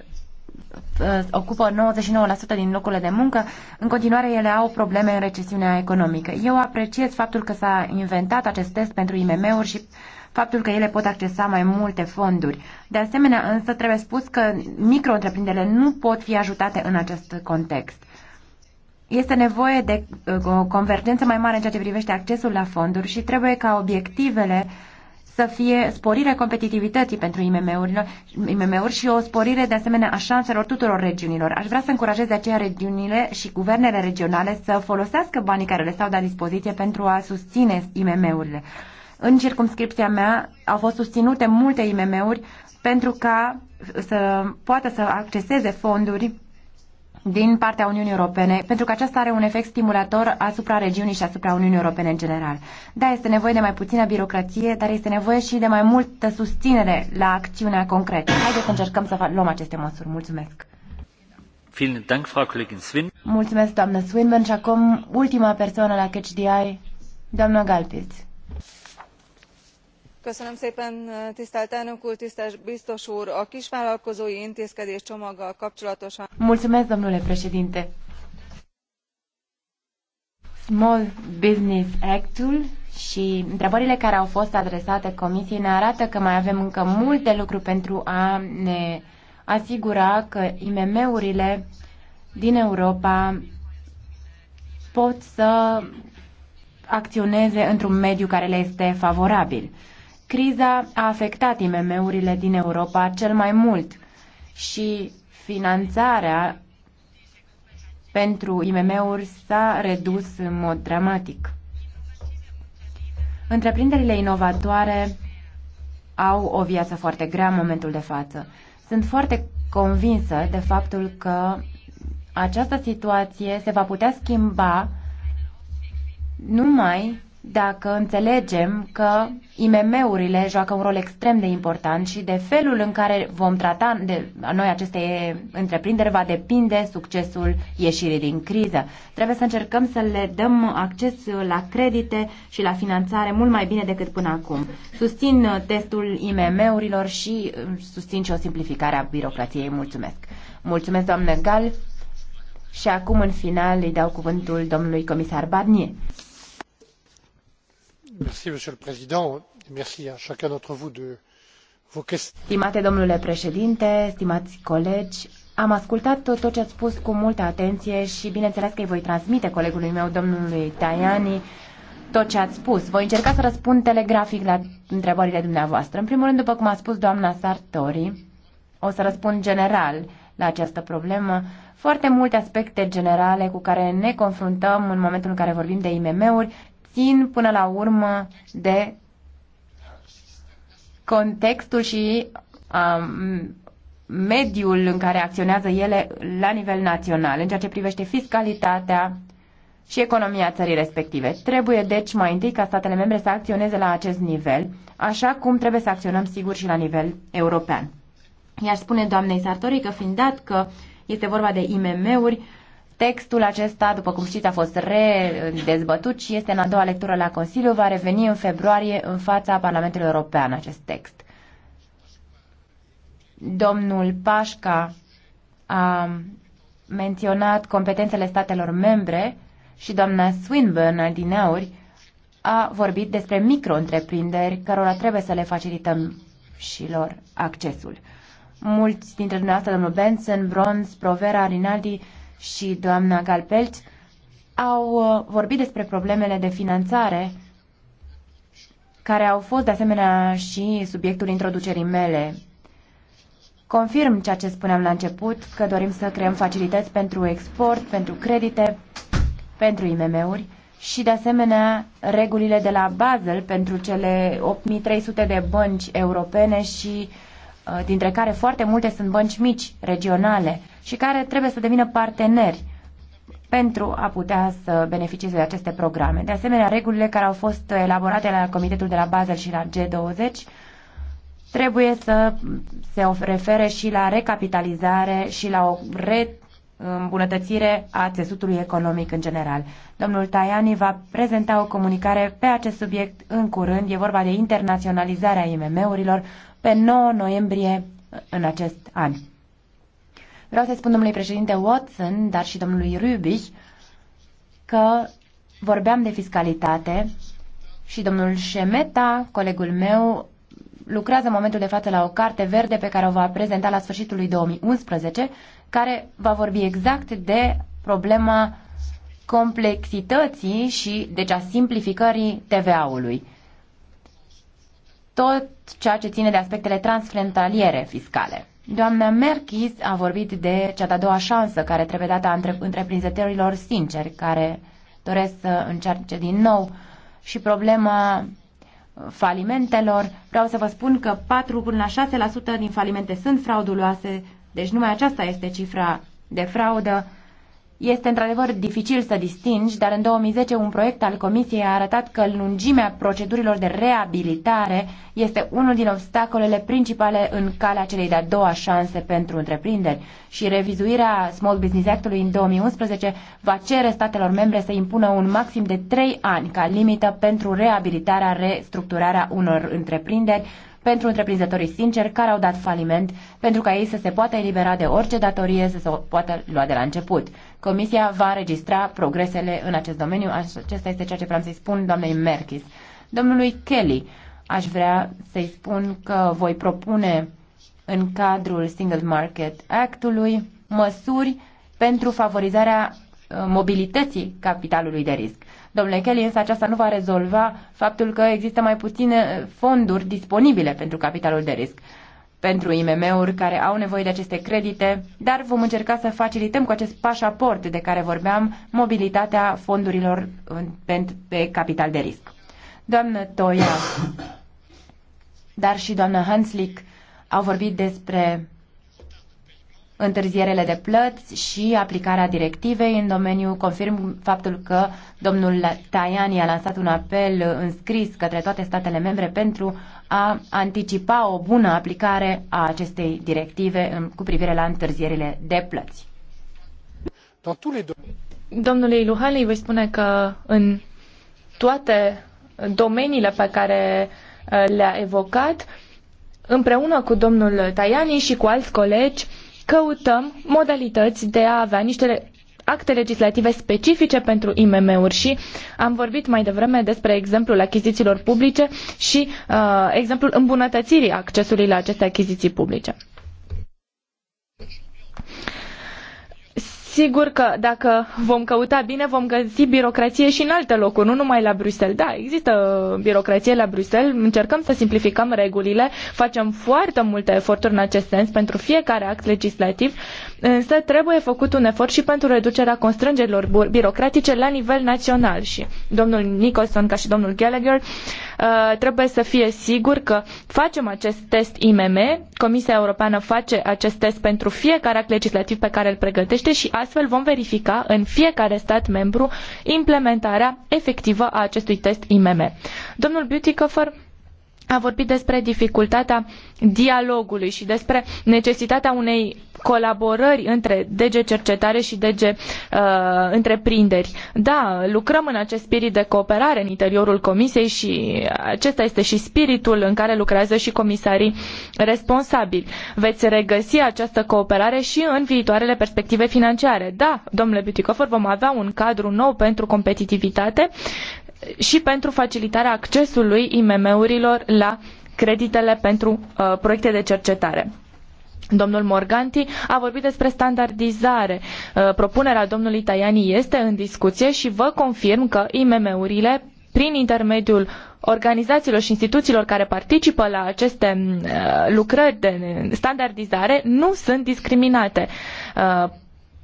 Uh, ocupă 99% din locurile de muncă, în continuare ele au probleme în recesiunea economică. Eu apreciez faptul că s-a inventat acest test pentru IMM-uri și faptul că ele pot accesa mai multe fonduri. De asemenea, însă, trebuie spus că micro nu pot fi ajutate în acest context. Este nevoie de uh, o convergență mai mare în ceea ce privește accesul la fonduri și trebuie ca obiectivele uh, să fie sporirea competitivității pentru IMM-uri și o sporire de asemenea a șanselor tuturor regiunilor. Aș vrea să încurajez de aceea regiunile și guvernele regionale să folosească banii care le stau la dispoziție pentru a susține IMM-urile. În circumscripția mea au fost susținute multe IMM-uri pentru ca să poată să acceseze fonduri din partea Uniunii Europene, pentru că aceasta are un efect stimulator asupra regiunii și asupra Uniunii Europene în general. Da, este nevoie de mai puțină birocrație, dar este nevoie și de mai multă susținere la acțiunea concretă. Haideți să încercăm să luăm aceste măsuri. Mulțumesc! Mulțumesc, doamnă Swinburne. Și acum, ultima persoană la CHDI, doamna Galpitz. Eh, a kisvállalkozói intézkedéscsomaggal kapcsolatosan. domnule președinte small business act ul și întrebările care au fost adresate comisiei ne arată că mai avem încă multe lucruri pentru a ne asigura că imm urile din europa pot să acționeze într-un mediu care le este favorabil. Criza a afectat IMM-urile din Europa cel mai mult și finanțarea pentru IMM-uri s-a redus în mod dramatic. Întreprinderile inovatoare au o viață foarte grea în momentul de față. Sunt foarte convinsă de faptul că această situație se va putea schimba numai dacă înțelegem că IMM-urile joacă un rol extrem de important și de felul în care vom trata de noi aceste întreprinderi va depinde succesul ieșirii din criză. Trebuie să încercăm să le dăm acces la credite și la finanțare mult mai bine decât până acum. Susțin testul IMM-urilor și uh, susțin și o simplificare a birocrației. Mulțumesc! Mulțumesc, doamnă Gal! Și acum, în final, îi dau cuvântul domnului comisar Barnier monsieur le président merci à chacun d'entre vous de vos questions. Stimate domnule președinte, stimați colegi, am ascultat tot, tot ce ați spus cu multă atenție și bineînțeles că îi voi transmite colegului meu, domnului Tajani, tot ce ați spus. Voi încerca să răspund telegrafic la întrebările dumneavoastră. În primul rând, după cum a spus doamna Sartori, o să răspund general la această problemă. Foarte multe aspecte generale cu care ne confruntăm în momentul în care vorbim de IMM-uri țin până la urmă de contextul și um, mediul în care acționează ele la nivel național, în ceea ce privește fiscalitatea și economia țării respective. Trebuie, deci, mai întâi ca statele membre să acționeze la acest nivel, așa cum trebuie să acționăm, sigur, și la nivel european. Iar spune doamnei Sartori că, fiind dat că este vorba de IMM-uri, Textul acesta, după cum știți, a fost redezbătut și este în a doua lectură la Consiliu. Va reveni în februarie în fața Parlamentului European acest text. Domnul Pașca a menționat competențele statelor membre și doamna Swinburne adineauri a vorbit despre micro-întreprinderi cărora trebuie să le facilităm și lor accesul. Mulți dintre dumneavoastră, domnul Benson, Bronz, Provera, Rinaldi, și doamna Galpelt au uh, vorbit despre problemele de finanțare care au fost de asemenea și subiectul introducerii mele. Confirm ceea ce spuneam la început, că dorim să creăm facilități pentru export, pentru credite, pentru IMM-uri și de asemenea regulile de la Basel pentru cele 8300 de bănci europene și uh, Uh, dintre care foarte multe sunt bănci mici, regionale, și care trebuie să devină parteneri pentru a putea să beneficieze de aceste programe. De asemenea, regulile care au fost elaborate la Comitetul de la Basel și la G20 trebuie să se refere și la recapitalizare și la o re îmbunătățire a țesutului economic în general. Domnul Tajani va prezenta o comunicare pe acest subiect în curând. E vorba de internaționalizarea IMM-urilor, pe 9 noiembrie în acest an. Vreau să spun domnului președinte Watson, dar și domnului Rubich, că vorbeam de fiscalitate și domnul Șemeta, colegul meu, lucrează în momentul de față la o carte verde pe care o va prezenta la sfârșitul lui 2011, care va vorbi exact de problema complexității și, deci, a simplificării TVA-ului tot ceea ce ține de aspectele transfrontaliere fiscale. Doamna Merkis a vorbit de cea de-a doua șansă care trebuie dată întreprinzătorilor sinceri care doresc să încerce din nou și problema falimentelor. Vreau să vă spun că 4 până la 6% din falimente sunt frauduloase, deci numai aceasta este cifra de fraudă este într-adevăr dificil să distingi, dar în 2010 un proiect al Comisiei a arătat că lungimea procedurilor de reabilitare este unul din obstacolele principale în calea celei de-a doua șanse pentru întreprinderi și revizuirea Small Business Act-ului în 2011 va cere statelor membre să impună un maxim de 3 ani ca limită pentru reabilitarea, restructurarea unor întreprinderi pentru întreprinzătorii sinceri care au dat faliment, pentru ca ei să se poată elibera de orice datorie să se poată lua de la început. Comisia va registra progresele în acest domeniu. Acesta este ceea ce vreau să-i spun doamnei Merkis. Domnului Kelly, aș vrea să-i spun că voi propune în cadrul Single Market Act-ului măsuri pentru favorizarea uh, mobilității capitalului de risc. Domnule Kelly, însă aceasta nu va rezolva faptul că există mai puține eh, fonduri disponibile pentru capitalul de risc pentru IMM-uri care au nevoie de aceste credite, dar vom încerca să facilităm cu acest pașaport de care vorbeam mobilitatea fondurilor pe capital de risc. Doamnă Toia, dar și doamnă Hanslick au vorbit despre întârzierele de plăți și aplicarea directivei în domeniu. Confirm faptul că domnul Tajani a lansat un apel înscris către toate statele membre pentru a anticipa o bună aplicare a acestei directive cu privire la întârzierile de plăți. Domnule Iluhali, voi spune că în toate domeniile pe care uh, le-a evocat, împreună cu domnul Tajani și cu alți colegi, căutăm modalități de a avea niște acte legislative specifice pentru IMM-uri și am vorbit mai devreme despre exemplul achizițiilor publice și uh, exemplul îmbunătățirii accesului la aceste achiziții publice. Sigur că dacă vom căuta bine, vom găsi birocrație și în alte locuri, nu numai la Bruxelles. Da, există birocrație la Bruxelles, încercăm să simplificăm regulile, facem foarte multe eforturi în acest sens pentru fiecare act legislativ, însă trebuie făcut un efort și pentru reducerea constrângerilor birocratice la nivel național. Și domnul Nicholson, ca și domnul Gallagher, uh, trebuie să fie sigur că facem acest test IMM, Comisia Europeană face acest test pentru fiecare act legislativ pe care îl pregătește și Astfel vom verifica în fiecare stat membru implementarea efectivă a acestui test IMM. Domnul Beautycofer a vorbit despre dificultatea dialogului și despre necesitatea unei colaborări între DG Cercetare și DG uh, Întreprinderi. Da, lucrăm în acest spirit de cooperare în interiorul Comisiei și acesta este și spiritul în care lucrează și comisarii responsabili. Veți regăsi această cooperare și în viitoarele perspective financiare. Da, domnule Biticofor, vom avea un cadru nou pentru competitivitate și pentru facilitarea accesului IMM-urilor la creditele pentru uh, proiecte de cercetare. Domnul Morganti a vorbit despre standardizare. Uh, propunerea domnului Tajani este în discuție și vă confirm că IMM-urile, prin intermediul organizațiilor și instituțiilor care participă la aceste uh, lucrări de standardizare, nu sunt discriminate. Uh,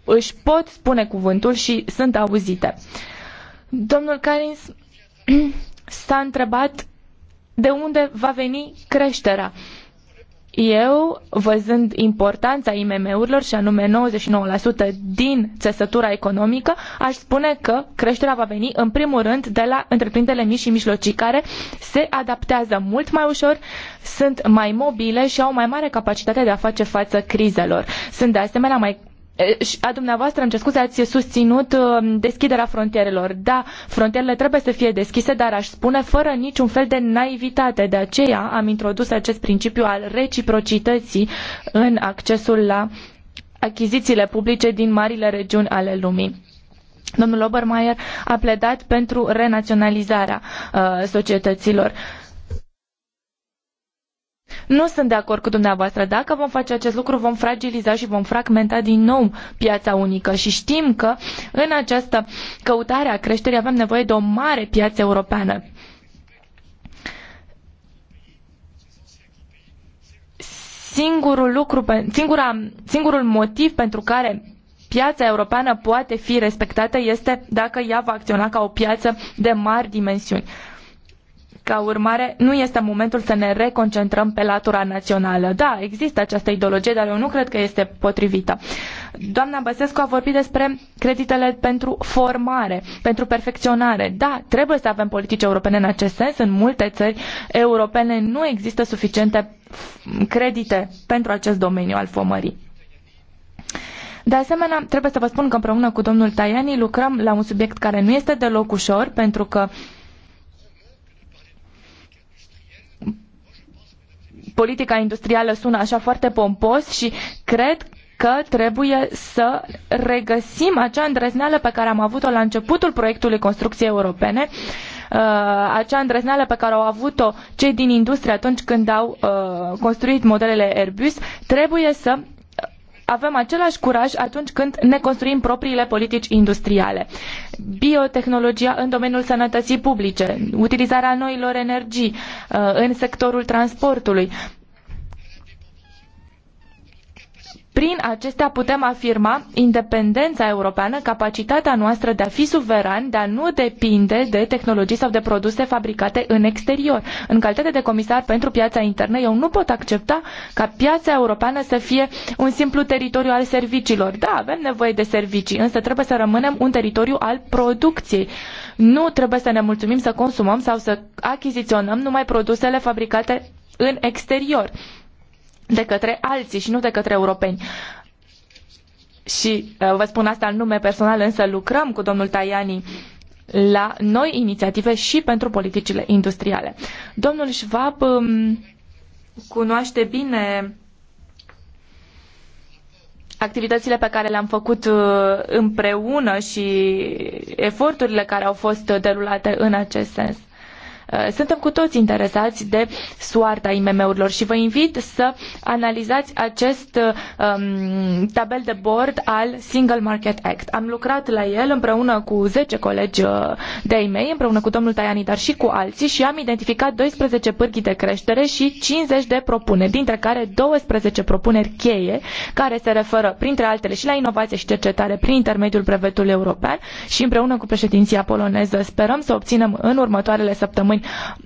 își pot spune cuvântul și sunt auzite. Domnul Carins *clears throat* s-a întrebat de unde va veni creșterea. Eu, văzând importanța IMM-urilor și anume 99% din țesătura economică, aș spune că creșterea va veni în primul rând de la întreprinderile mici și mijlocii care se adaptează mult mai ușor, sunt mai mobile și au mai mare capacitate de a face față crizelor. Sunt de asemenea mai a dumneavoastră, îmi cer scuze, ați susținut uh, deschiderea frontierelor. Da, frontierele trebuie să fie deschise, dar aș spune fără niciun fel de naivitate. De aceea am introdus acest principiu al reciprocității în accesul la achizițiile publice din marile regiuni ale lumii. Domnul Obermeier a pledat pentru renaționalizarea uh, societăților. Uh, nu sunt de acord cu dumneavoastră. Dacă vom face acest lucru, vom fragiliza și vom fragmenta din nou piața unică și știm că în această căutare a creșterii avem nevoie de o mare piață europeană. Singurul lucru, singura, singurul motiv pentru care piața europeană poate fi respectată este dacă ea va acționa ca o piață de mari dimensiuni. Ca urmare, nu este momentul să ne reconcentrăm pe latura națională. Da, există această ideologie, dar eu nu cred că este potrivită. Doamna Băsescu a vorbit despre creditele pentru formare, pentru perfecționare. Da, trebuie să avem politici europene în acest sens. În multe țări europene nu există suficiente credite pentru acest domeniu al formării. De asemenea, trebuie să vă spun că împreună cu domnul Tajani lucrăm la un subiect care nu este deloc ușor, pentru că uh, politica industrială sună așa foarte pompos și cred că trebuie să regăsim acea îndrăzneală pe care am avut-o la începutul proiectului construcției europene, uh, acea îndrăzneală pe care au avut-o cei din industrie atunci când au uh, construit modelele Airbus, trebuie să avem același curaj atunci când ne construim propriile politici industriale. Biotehnologia în domeniul sănătății publice, utilizarea noilor energii uh, în sectorul transportului, Prin acestea putem afirma independența europeană, capacitatea noastră de a fi suverani, de a nu depinde de tehnologii sau de produse fabricate în exterior. În calitate de comisar pentru piața internă, eu nu pot accepta ca piața europeană să fie un simplu teritoriu al serviciilor. Da, avem nevoie de servicii, însă trebuie să rămânem un teritoriu al producției. Nu trebuie să ne mulțumim să consumăm sau să achiziționăm numai produsele fabricate în exterior de către alții și nu de către europeni. Și uh, vă spun asta în nume personal, însă lucrăm cu domnul Tajani la noi inițiative și pentru politicile industriale. Domnul Schwab um, cunoaște bine activitățile pe care le-am făcut uh, împreună și eforturile care au fost derulate în acest sens. Eh, suntem cu toți interesați de soarta IMM-urilor și vă invit să analizați acest um, tabel de bord al Single Market Act. Am lucrat la el împreună cu 10 colegi eh, de-ai mei, împreună cu domnul Tajani, dar și cu alții și am identificat 12 pârghii de creștere și 50 de propuneri, dintre care 12 propuneri cheie care se referă, printre altele, și la inovație și cercetare prin intermediul brevetului european și împreună cu președinția poloneză sperăm să obținem în următoarele săptămâni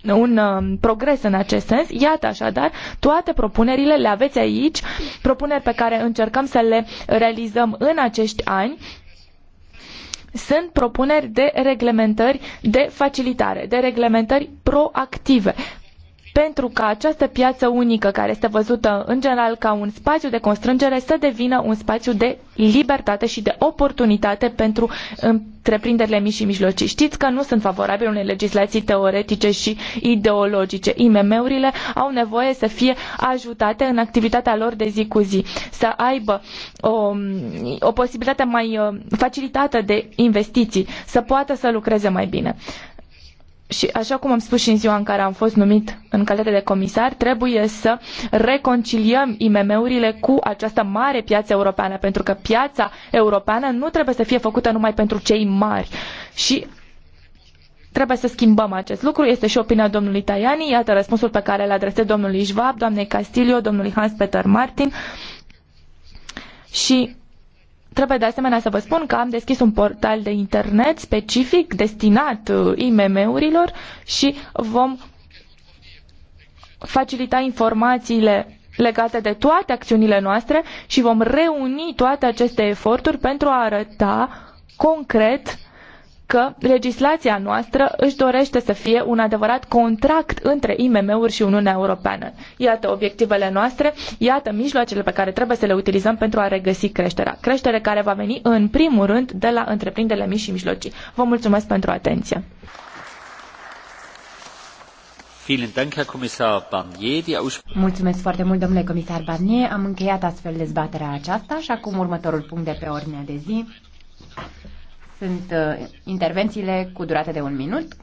români un um, progres în acest sens. Iată așadar, toate propunerile le aveți aici, propuneri pe care încercăm să le realizăm în acești ani sunt propuneri de reglementări de facilitare, de reglementări proactive, pentru ca această piață unică, care este văzută în general ca un spațiu de constrângere, să devină un spațiu de libertate și de oportunitate pentru întreprinderile mici și mijlocii. Știți că nu sunt favorabil unei legislații teoretice și ideologice. IMM-urile au nevoie să fie ajutate în activitatea lor de zi cu zi, să aibă o, um, o posibilitate mai uh, facilitată de investiții, să poată să lucreze mai bine și așa cum am spus și în ziua în care am fost numit în calitate de comisar, trebuie să reconciliem IMM-urile cu această mare piață europeană, pentru că piața europeană nu trebuie să fie făcută numai pentru cei mari. Și trebuie să schimbăm acest lucru. Este și opinia domnului Tajani. Iată răspunsul pe care îl adresez domnului Schwab, doamnei Castilio, domnului Hans-Peter Martin. Și Trebuie de asemenea să vă spun că am deschis un portal de internet specific destinat uh, IMM-urilor și vom facilita informațiile legate de toate acțiunile noastre și vom reuni toate aceste eforturi pentru a arăta concret uh, că legislația noastră își dorește să fie un adevărat contract între IMM-uri și Uniunea Europeană. Iată obiectivele noastre, iată mijloacele pe care trebuie să le utilizăm pentru a regăsi creșterea. Creștere care va veni în primul rând de la întreprinderile mici și mijlocii. Vă mulțumesc pentru atenție. Mulțumesc foarte mult, domnule comisar Barnier. Am încheiat astfel dezbaterea aceasta și acum următorul punct de pe ordinea de zi sunt uh, intervențiile cu durată de un minut.